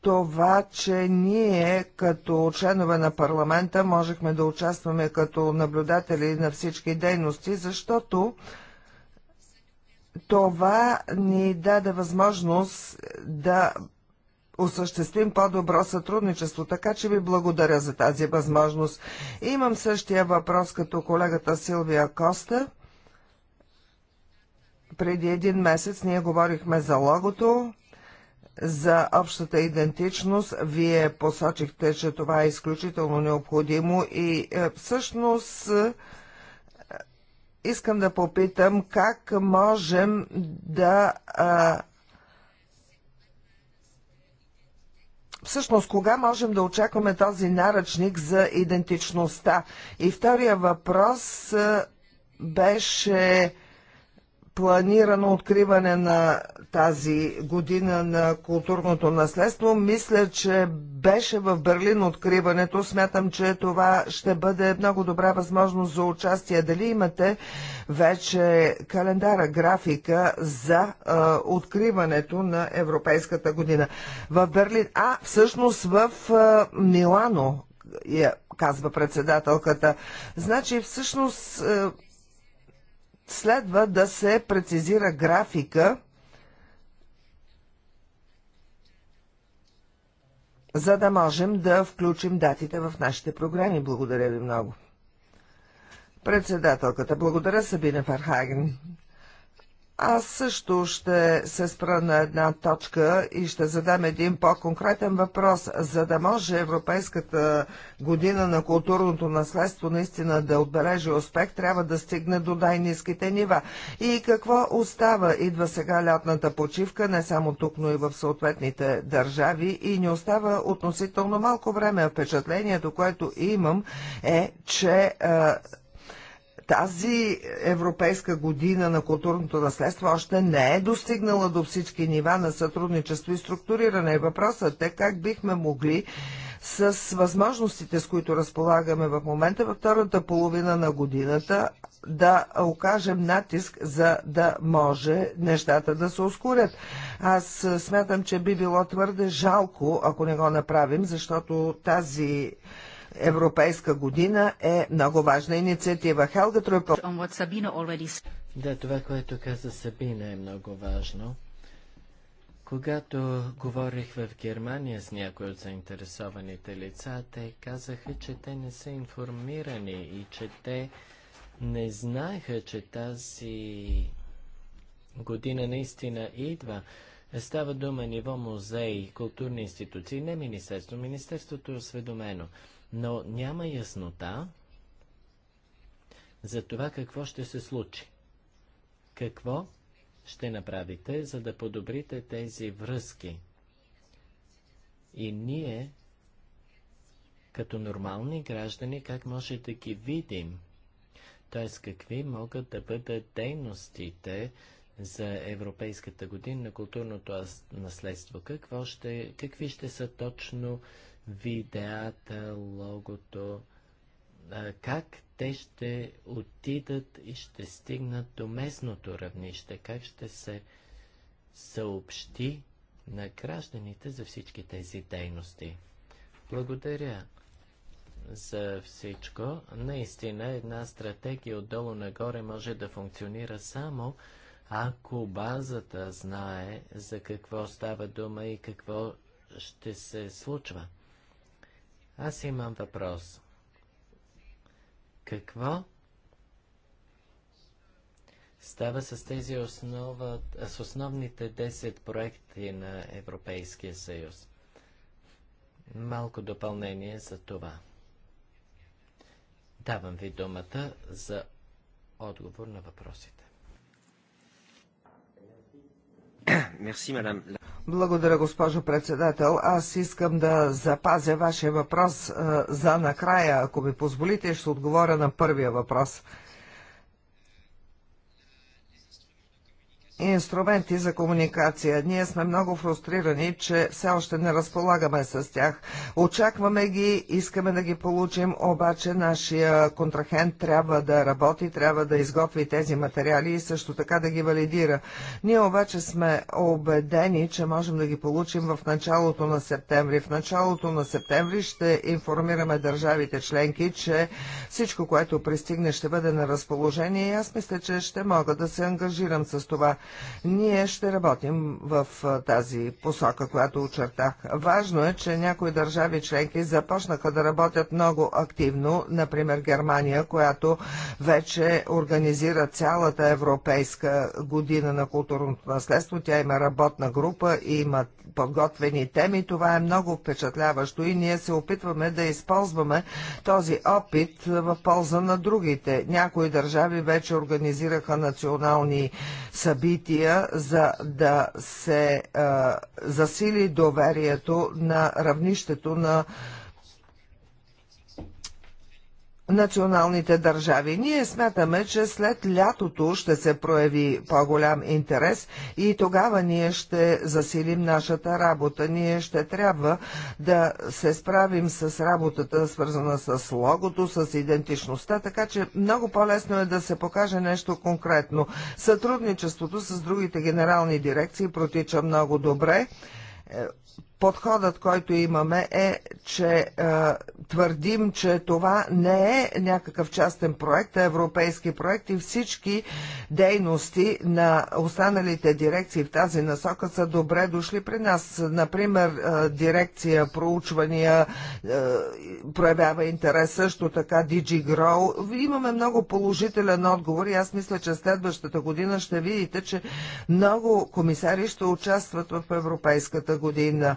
B: това, че ние като членове на парламента можехме да участваме като наблюдатели на всички дейности, защото това ни даде възможност да осъществим по-добро сътрудничество, така че ви благодаря за тази възможност. Имам същия въпрос като колегата Силвия Коста. Преди един месец ние говорихме за логото, за общата идентичност. Вие посочихте, че това е изключително необходимо и е, всъщност е, искам да попитам как можем да е, Всъщност, кога можем да очакваме този наръчник за идентичността? И втория въпрос беше планирано откриване на тази година на културното наследство. Мисля, че беше в Берлин откриването. Смятам, че това ще бъде много добра възможност за участие. Дали имате вече календара, графика за а, откриването на Европейската година в Берлин? А, всъщност в а, Милано, казва председателката. Значи, всъщност. А, следва да се прецизира графика, за да можем да включим датите в нашите програми. Благодаря ви много. Председателката, благодаря Сабина Фархаген. Аз също ще се спра на една точка и ще задам един по-конкретен въпрос, за да може Европейската година на културното наследство наистина да отбележи успех, трябва да стигне до най-низките нива. И какво остава? Идва сега лятната почивка, не само тук, но и в съответните държави и ни остава относително малко време. Впечатлението, което имам е, че тази Европейска година на културното наследство още не е достигнала до всички нива на сътрудничество и структуриране. Въпросът е как бихме могли с възможностите, с които разполагаме в момента, във втората половина на годината, да окажем натиск, за да може нещата да се ускорят. Аз смятам, че би било твърде жалко, ако не го направим, защото тази европейска година е много важна инициатива. Хелга Тройпо.
A: Да, това, което каза Сабина е много важно. Когато говорих в Германия с някои от заинтересованите лица, те казаха, че те не са информирани и че те не знаеха, че тази година наистина идва. Става дума ниво музеи, културни институции, не министерство. Министерството е осведомено но няма яснота за това какво ще се случи. Какво ще направите, за да подобрите тези връзки? И ние, като нормални граждани, как може да ги видим? Т.е. какви могат да бъдат дейностите за Европейската година на културното наследство? Какво ще, какви ще са точно видеята, логото, как те ще отидат и ще стигнат до местното равнище, как ще се съобщи на гражданите за всички тези дейности. Благодаря за всичко. Наистина една стратегия отдолу нагоре може да функционира само ако базата знае за какво става дума и какво ще се случва. Аз имам въпрос. Какво става с тези основа, с основните 10 проекти на Европейския съюз? Малко допълнение за това. Давам ви думата за отговор на въпросите. Мерси, мадам.
B: Благодаря, госпожо председател. Аз искам да запазя вашия въпрос за накрая. Ако ми позволите, ще отговоря на първия въпрос. инструменти за комуникация. Ние сме много фрустрирани, че все още не разполагаме с тях. Очакваме ги, искаме да ги получим, обаче нашия контрахент трябва да работи, трябва да изготви тези материали и също така да ги валидира. Ние обаче сме убедени, че можем да ги получим в началото на септември. В началото на септември ще информираме държавите членки, че всичко, което пристигне, ще бъде на разположение и аз мисля, че ще мога да се ангажирам с това. Ние ще работим в тази посока, която очертах. Важно е, че някои държави членки започнаха да работят много активно, например Германия, която вече организира цялата европейска година на културното наследство. Тя има работна група и има подготвени теми. Това е много впечатляващо и ние се опитваме да използваме този опит в полза на другите. Някои държави вече организираха национални събития събития, за да се засили доверието на равнището на националните държави. Ние смятаме, че след лятото ще се прояви по-голям интерес и тогава ние ще засилим нашата работа. Ние ще трябва да се справим с работата, свързана с логото, с идентичността, така че много по-лесно е да се покаже нещо конкретно. Сътрудничеството с другите генерални дирекции протича много добре е, подходът, който имаме е, че е, твърдим, че това не е някакъв частен проект, а европейски проект и всички дейности на останалите дирекции в тази насока са добре дошли при нас. Например, е, дирекция проучвания е, проявява интерес също така DG Grow. Имаме много положителен отговор и аз мисля, че следващата година ще видите, че много комисари ще участват в Европейската година.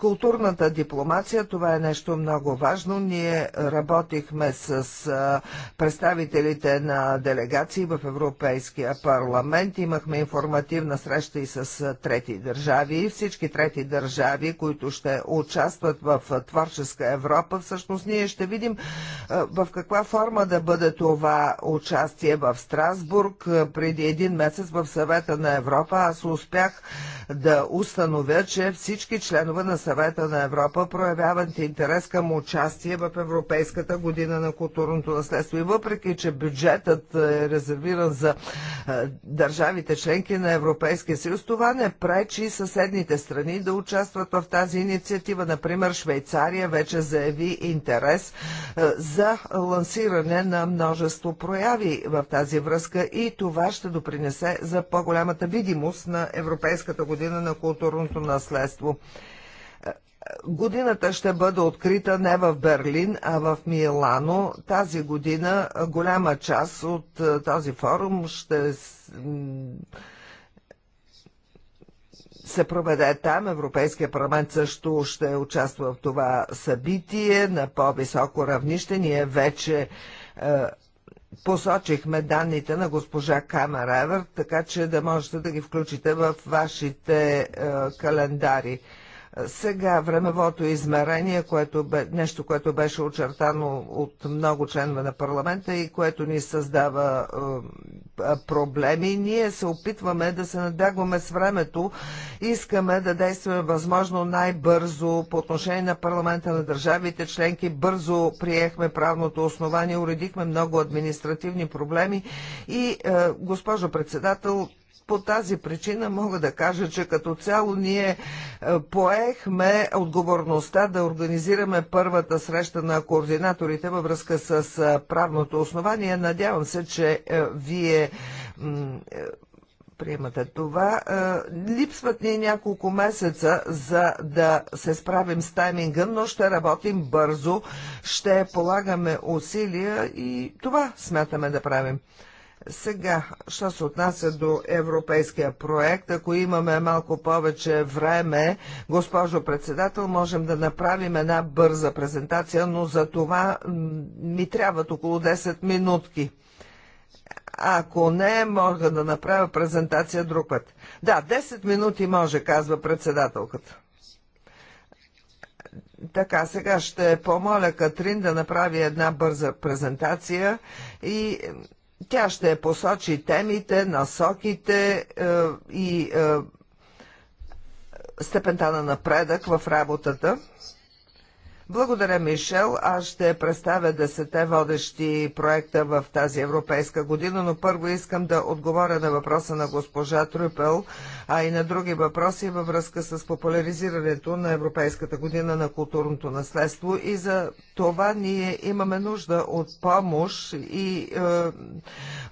B: Културната дипломация, това е нещо много важно. Ние работихме с представителите на делегации в Европейския парламент. Имахме информативна среща и с трети държави. Всички трети държави, които ще участват в Творческа Европа, всъщност ние ще видим в каква форма да бъде това участие в Страсбург. Преди един месец в съвета на Европа аз успях да установя, че всички членове на съвета съвета на Европа проявяват интерес към участие в Европейската година на културното наследство. И въпреки, че бюджетът е резервиран за държавите членки на Европейския съюз, това не пречи съседните страни да участват в тази инициатива. Например, Швейцария вече заяви интерес за лансиране на множество прояви в тази връзка и това ще допринесе за по-голямата видимост на Европейската година на културното наследство. Годината ще бъде открита не в Берлин, а в Милано. Тази година голяма част от този форум ще се проведе там. Европейския парламент също ще участва в това събитие на по-високо равнище. Ние вече посочихме данните на госпожа Камера Евер, така че да можете да ги включите в вашите календари. Сега времевото измерение, което бе, нещо, което беше очертано от много членове на парламента и което ни създава е, проблеми, ние се опитваме да се надягваме с времето, искаме да действаме възможно най-бързо по отношение на парламента на държавите членки, бързо приехме правното основание, уредихме много административни проблеми и, е, госпожо председател, по тази причина мога да кажа, че като цяло ние е, поехме отговорността да организираме първата среща на координаторите във връзка с е, правното основание. Надявам се, че е, вие приемате това. Липсват ни няколко месеца, за да се справим с тайминга, но ще работим бързо, ще полагаме усилия и това смятаме да правим. Сега, що се отнася до европейския проект, ако имаме малко повече време, госпожо председател, можем да направим една бърза презентация, но за това ми трябват около 10 минутки. Ако не, мога да направя презентация друг път. Да, 10 минути може, казва председателката. Така, сега ще помоля Катрин да направи една бърза презентация и тя ще посочи темите, насоките е, и е, степента на напредък в работата. Благодаря, Мишел. Аз ще представя десете водещи проекта в тази европейска година, но първо искам да отговоря на въпроса на госпожа Трюпел, а и на други въпроси във връзка с популяризирането на Европейската година на културното наследство и за това ние имаме нужда от помощ и е,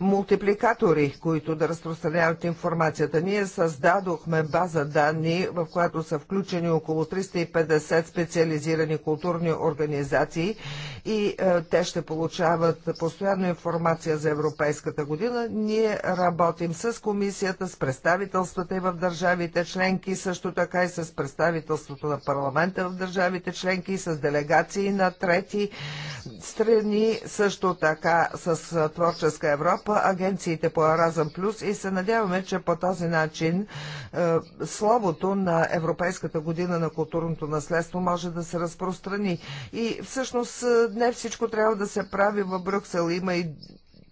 B: мултипликатори, които да разпространяват информацията. Ние създадохме база данни, в която са включени около 350 специализирани културни организации и е, те ще получават постоянно информация за Европейската година. Ние работим с комисията, с представителствата и в държавите членки, също така и с представителството на парламента в държавите членки и с делегации на трети трети страни, също така с Творческа Европа, агенциите по Еразъм Плюс и се надяваме, че по този начин е, словото на Европейската година на културното наследство може да се разпространи. И всъщност е, не всичко трябва да се прави в Брюксел. Има и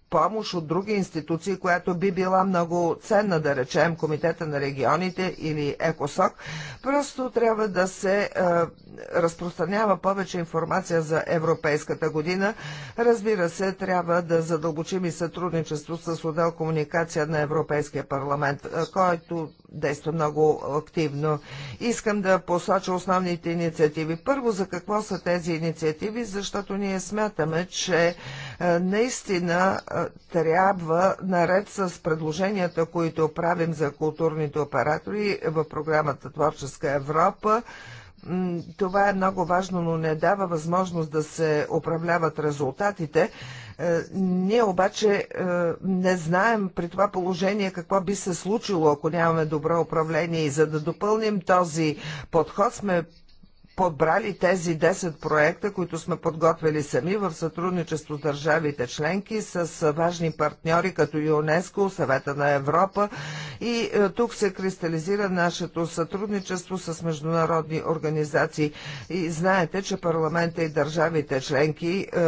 B: помощ от други институции, която би била много ценна, да речем Комитета на регионите или ЕКОСОК. Просто трябва да се е, разпространява повече информация за Европейската година. Разбира се, трябва да задълбочим и сътрудничество с отдел комуникация на Европейския парламент, е, който действа много активно. Искам да посоча основните инициативи. Първо, за какво са тези инициативи, защото ние смятаме, че е, наистина е, трябва, наред с предложенията, които правим за културните оператори в програмата Творческа Европа, това е много важно, но не дава възможност да се управляват резултатите. Е, ние обаче е, не знаем при това положение какво би се случило, ако нямаме добро управление. И за да допълним този подход сме подбрали тези 10 проекта, които сме подготвили сами в сътрудничество с държавите членки, с важни партньори като ЮНЕСКО, Съвета на Европа и тук се кристализира нашето сътрудничество с международни организации. И знаете, че парламента и държавите членки е,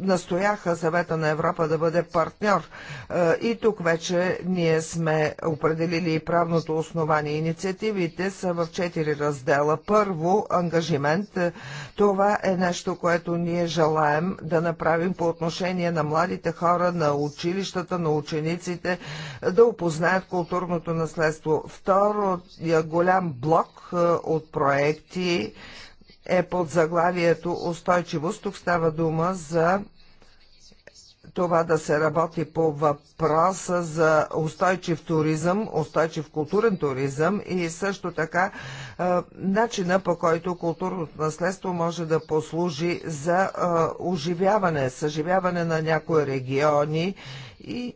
B: настояха Съвета на Европа да бъде партньор. Е, и тук вече ние сме определили и правното основание. Инициативите са в четири раздела. Първо, ангажимент. Това е нещо, което ние желаем да направим по отношение на младите хора, на училищата, на учениците, да опознаят културното наследство. Второ, голям блок е, от проекти е под заглавието Устойчивост. Тук става дума за това да се работи по въпроса за устойчив туризъм, устойчив културен туризъм и също така е, начина по който културното наследство може да послужи за е, оживяване, съживяване на някои региони и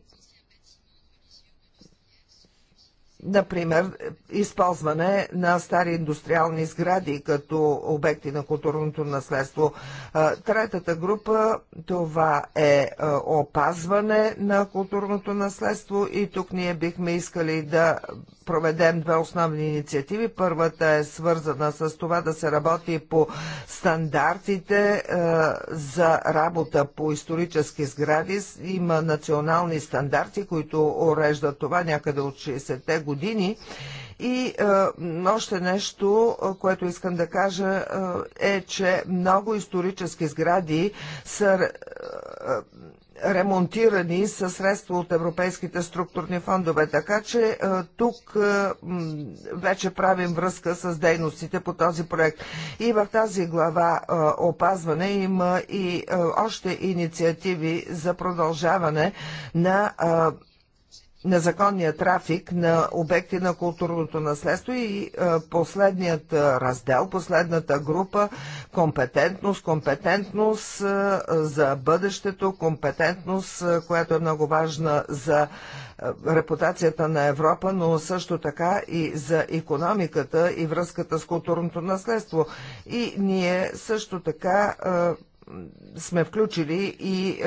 B: Например, използване на стари индустриални сгради като обекти на културното наследство. Третата група това е, е опазване на културното наследство и тук ние бихме искали да проведем две основни инициативи. Първата е свързана с това да се работи по стандартите е, за работа по исторически сгради. Има национални стандарти, които уреждат това някъде от 60-те години. И е, още нещо, което искам да кажа, е, е че много исторически сгради са е, ремонтирани със средства от европейските структурни фондове. Така че е, тук е, вече правим връзка с дейностите по този проект. И в тази глава е, опазване има и още инициативи за продължаване на незаконния трафик на обекти на културното наследство и е, последният е, раздел, последната група компетентност, компетентност е, за бъдещето, компетентност, която е много важна за репутацията на Европа, но също така и за економиката и връзката с културното наследство. И ние също така сме включили и е,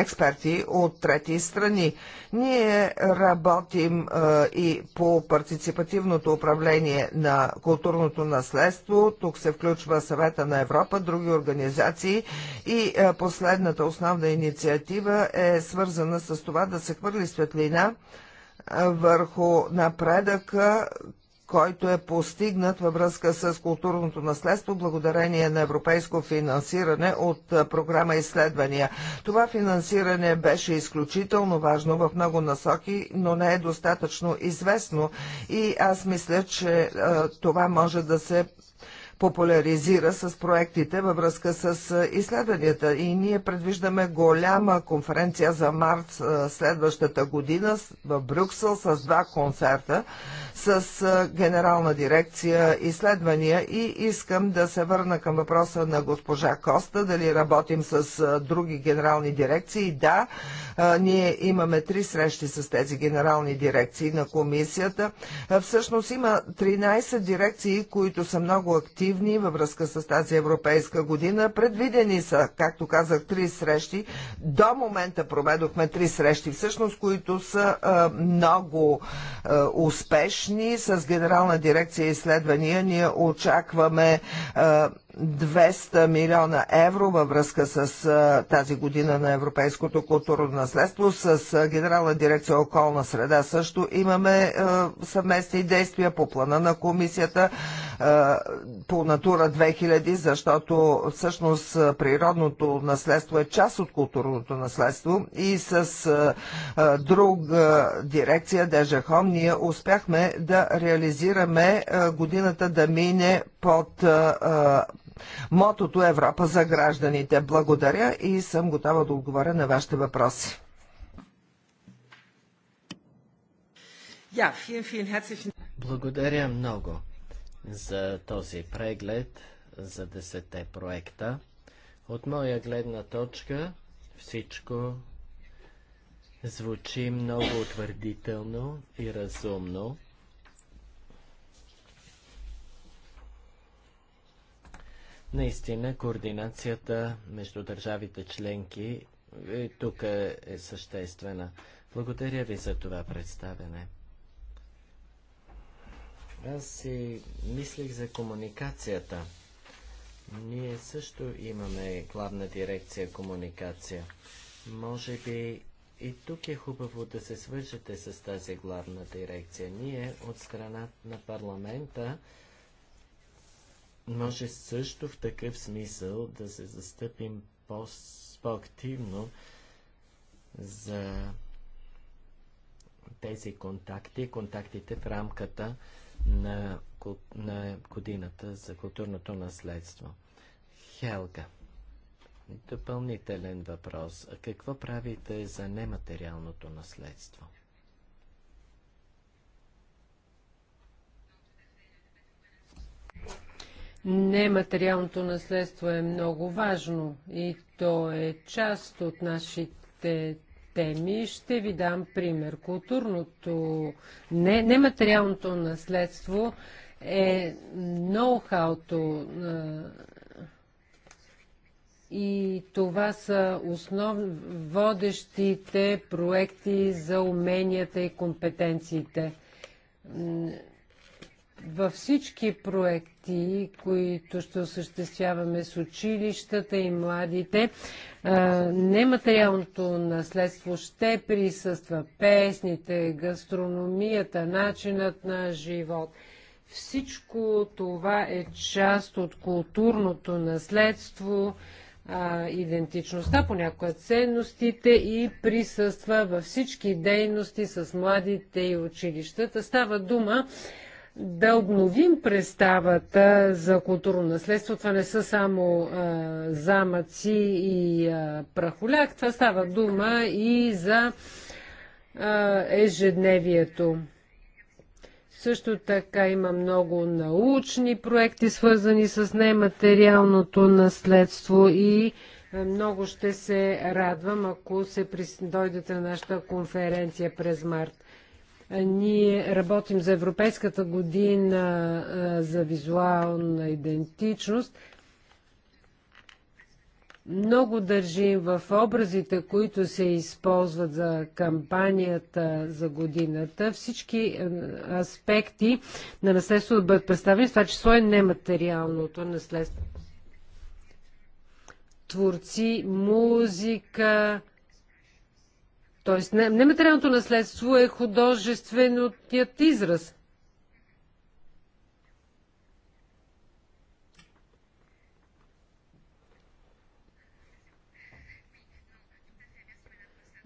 B: експерти от трети страни. Ние работим е, и по партиципативното управление на културното наследство. Тук се включва съвета на Европа, други организации и е, последната основна инициатива е свързана с това да се хвърли светлина е, върху напредъка който е постигнат във връзка с културното наследство благодарение на европейско финансиране от програма изследвания. Това финансиране беше изключително важно в много насоки, но не е достатъчно известно и аз мисля, че това може да се популяризира с проектите във връзка с изследванията. И ние предвиждаме голяма конференция за март следващата година в Брюксел с два концерта с Генерална дирекция изследвания и искам да се върна към въпроса на госпожа Коста, дали работим с други генерални дирекции. Да, ние имаме три срещи с тези генерални дирекции на комисията. Всъщност има 13 дирекции, които са много активни активни във връзка с тази европейска година. Предвидени са, както казах, три срещи. До момента проведохме три срещи, всъщност, които са много успешни. С Генерална дирекция изследвания ние очакваме 200 милиона евро във връзка с тази година на европейското културно наследство. С Генерална дирекция околна среда също имаме съвместни действия по плана на комисията по Натура 2000, защото всъщност природното наследство е част от културното наследство и с друг друга дирекция Дежахом ние успяхме да реализираме годината да мине под мотото е Европа за гражданите. Благодаря и съм готова да отговоря на вашите въпроси. Благодаря много
A: за този преглед за десете проекта. От моя гледна точка всичко звучи много утвърдително и разумно. Наистина, координацията между държавите членки е, тук е, е съществена. Благодаря ви за това представене. Аз си мислих за комуникацията. Ние също имаме главна дирекция комуникация. Може би и тук е хубаво да се свържете с тази главна дирекция. Ние от страна на парламента може също в такъв смисъл да се застъпим по- по-активно за тези контакти, контактите в рамката на, на годината за културното наследство. Хелга. Допълнителен въпрос. Какво правите за нематериалното наследство?
C: Нематериалното наследство е много важно и то е част от нашите теми. Ще ви дам пример. Културното, не, нематериалното наследство е ноу-хауто и това са основ... водещите проекти за уменията и компетенциите. Във всички проекти, които ще осъществяваме с училищата и младите, нематериалното наследство ще присъства. Песните, гастрономията, начинът на живот. Всичко това е част от културното наследство, идентичността, понякога ценностите и присъства във всички дейности с младите и училищата. Става дума да обновим представата за културно наследство. Това не са само а, замъци и а, прахоляк. Това става дума и за а, ежедневието. Също така има много научни проекти, свързани с нематериалното наследство и много ще се радвам, ако се дойдете на нашата конференция през март. Ние работим за Европейската година за визуална идентичност. Много държим в образите, които се използват за кампанията за годината. Всички е, аспекти на наследството да бъдат представени, това число е нематериалното наследство. Творци, музика, Тоест, нематериалното наследство е художественият израз.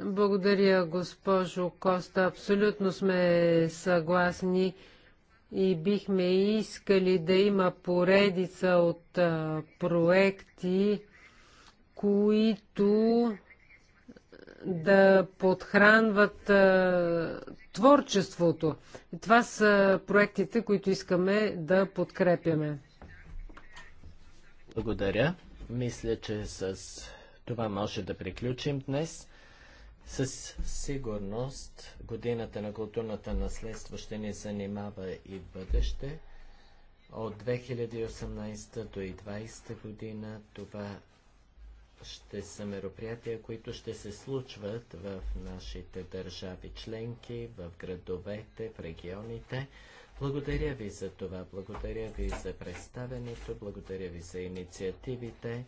C: Благодаря, госпожо Коста. Абсолютно сме съгласни и бихме искали да има поредица от а, проекти, които да подхранват а, творчеството. Това са проектите, които искаме да подкрепяме.
A: Благодаря. Мисля, че с това може да приключим днес. Със сигурност годината на културната наследство ще ни занимава и в бъдеще. От 2018 до 2020 година това ще са мероприятия, които ще се случват в нашите държави членки, в градовете, в регионите. Благодаря ви за това, благодаря ви за представенето, благодаря ви за инициативите.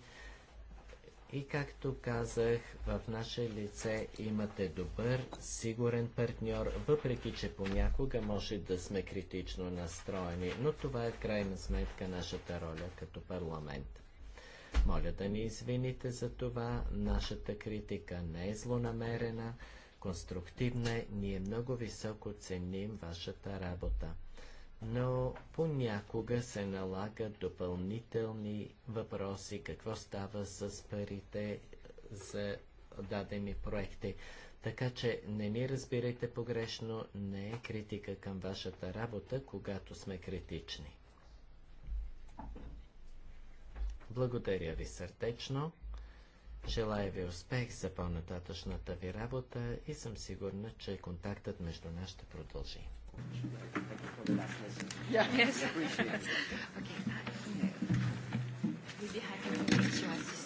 A: И както казах, в наше лице имате добър, сигурен партньор, въпреки че понякога може да сме критично настроени, но това е в крайна сметка нашата роля като парламент. Моля да ни извините за това. Нашата критика не е злонамерена, конструктивна е. Ние много високо ценим вашата работа. Но понякога се налагат допълнителни въпроси. Какво става с парите за дадени проекти? Така че не ни разбирайте погрешно, не е критика към вашата работа, когато сме критични. Благодаря ви сърдечно. Желая ви успех за по-нататъчната ви работа и съм сигурна, че контактът между нас ще продължи. Yeah. Yes. [laughs] okay.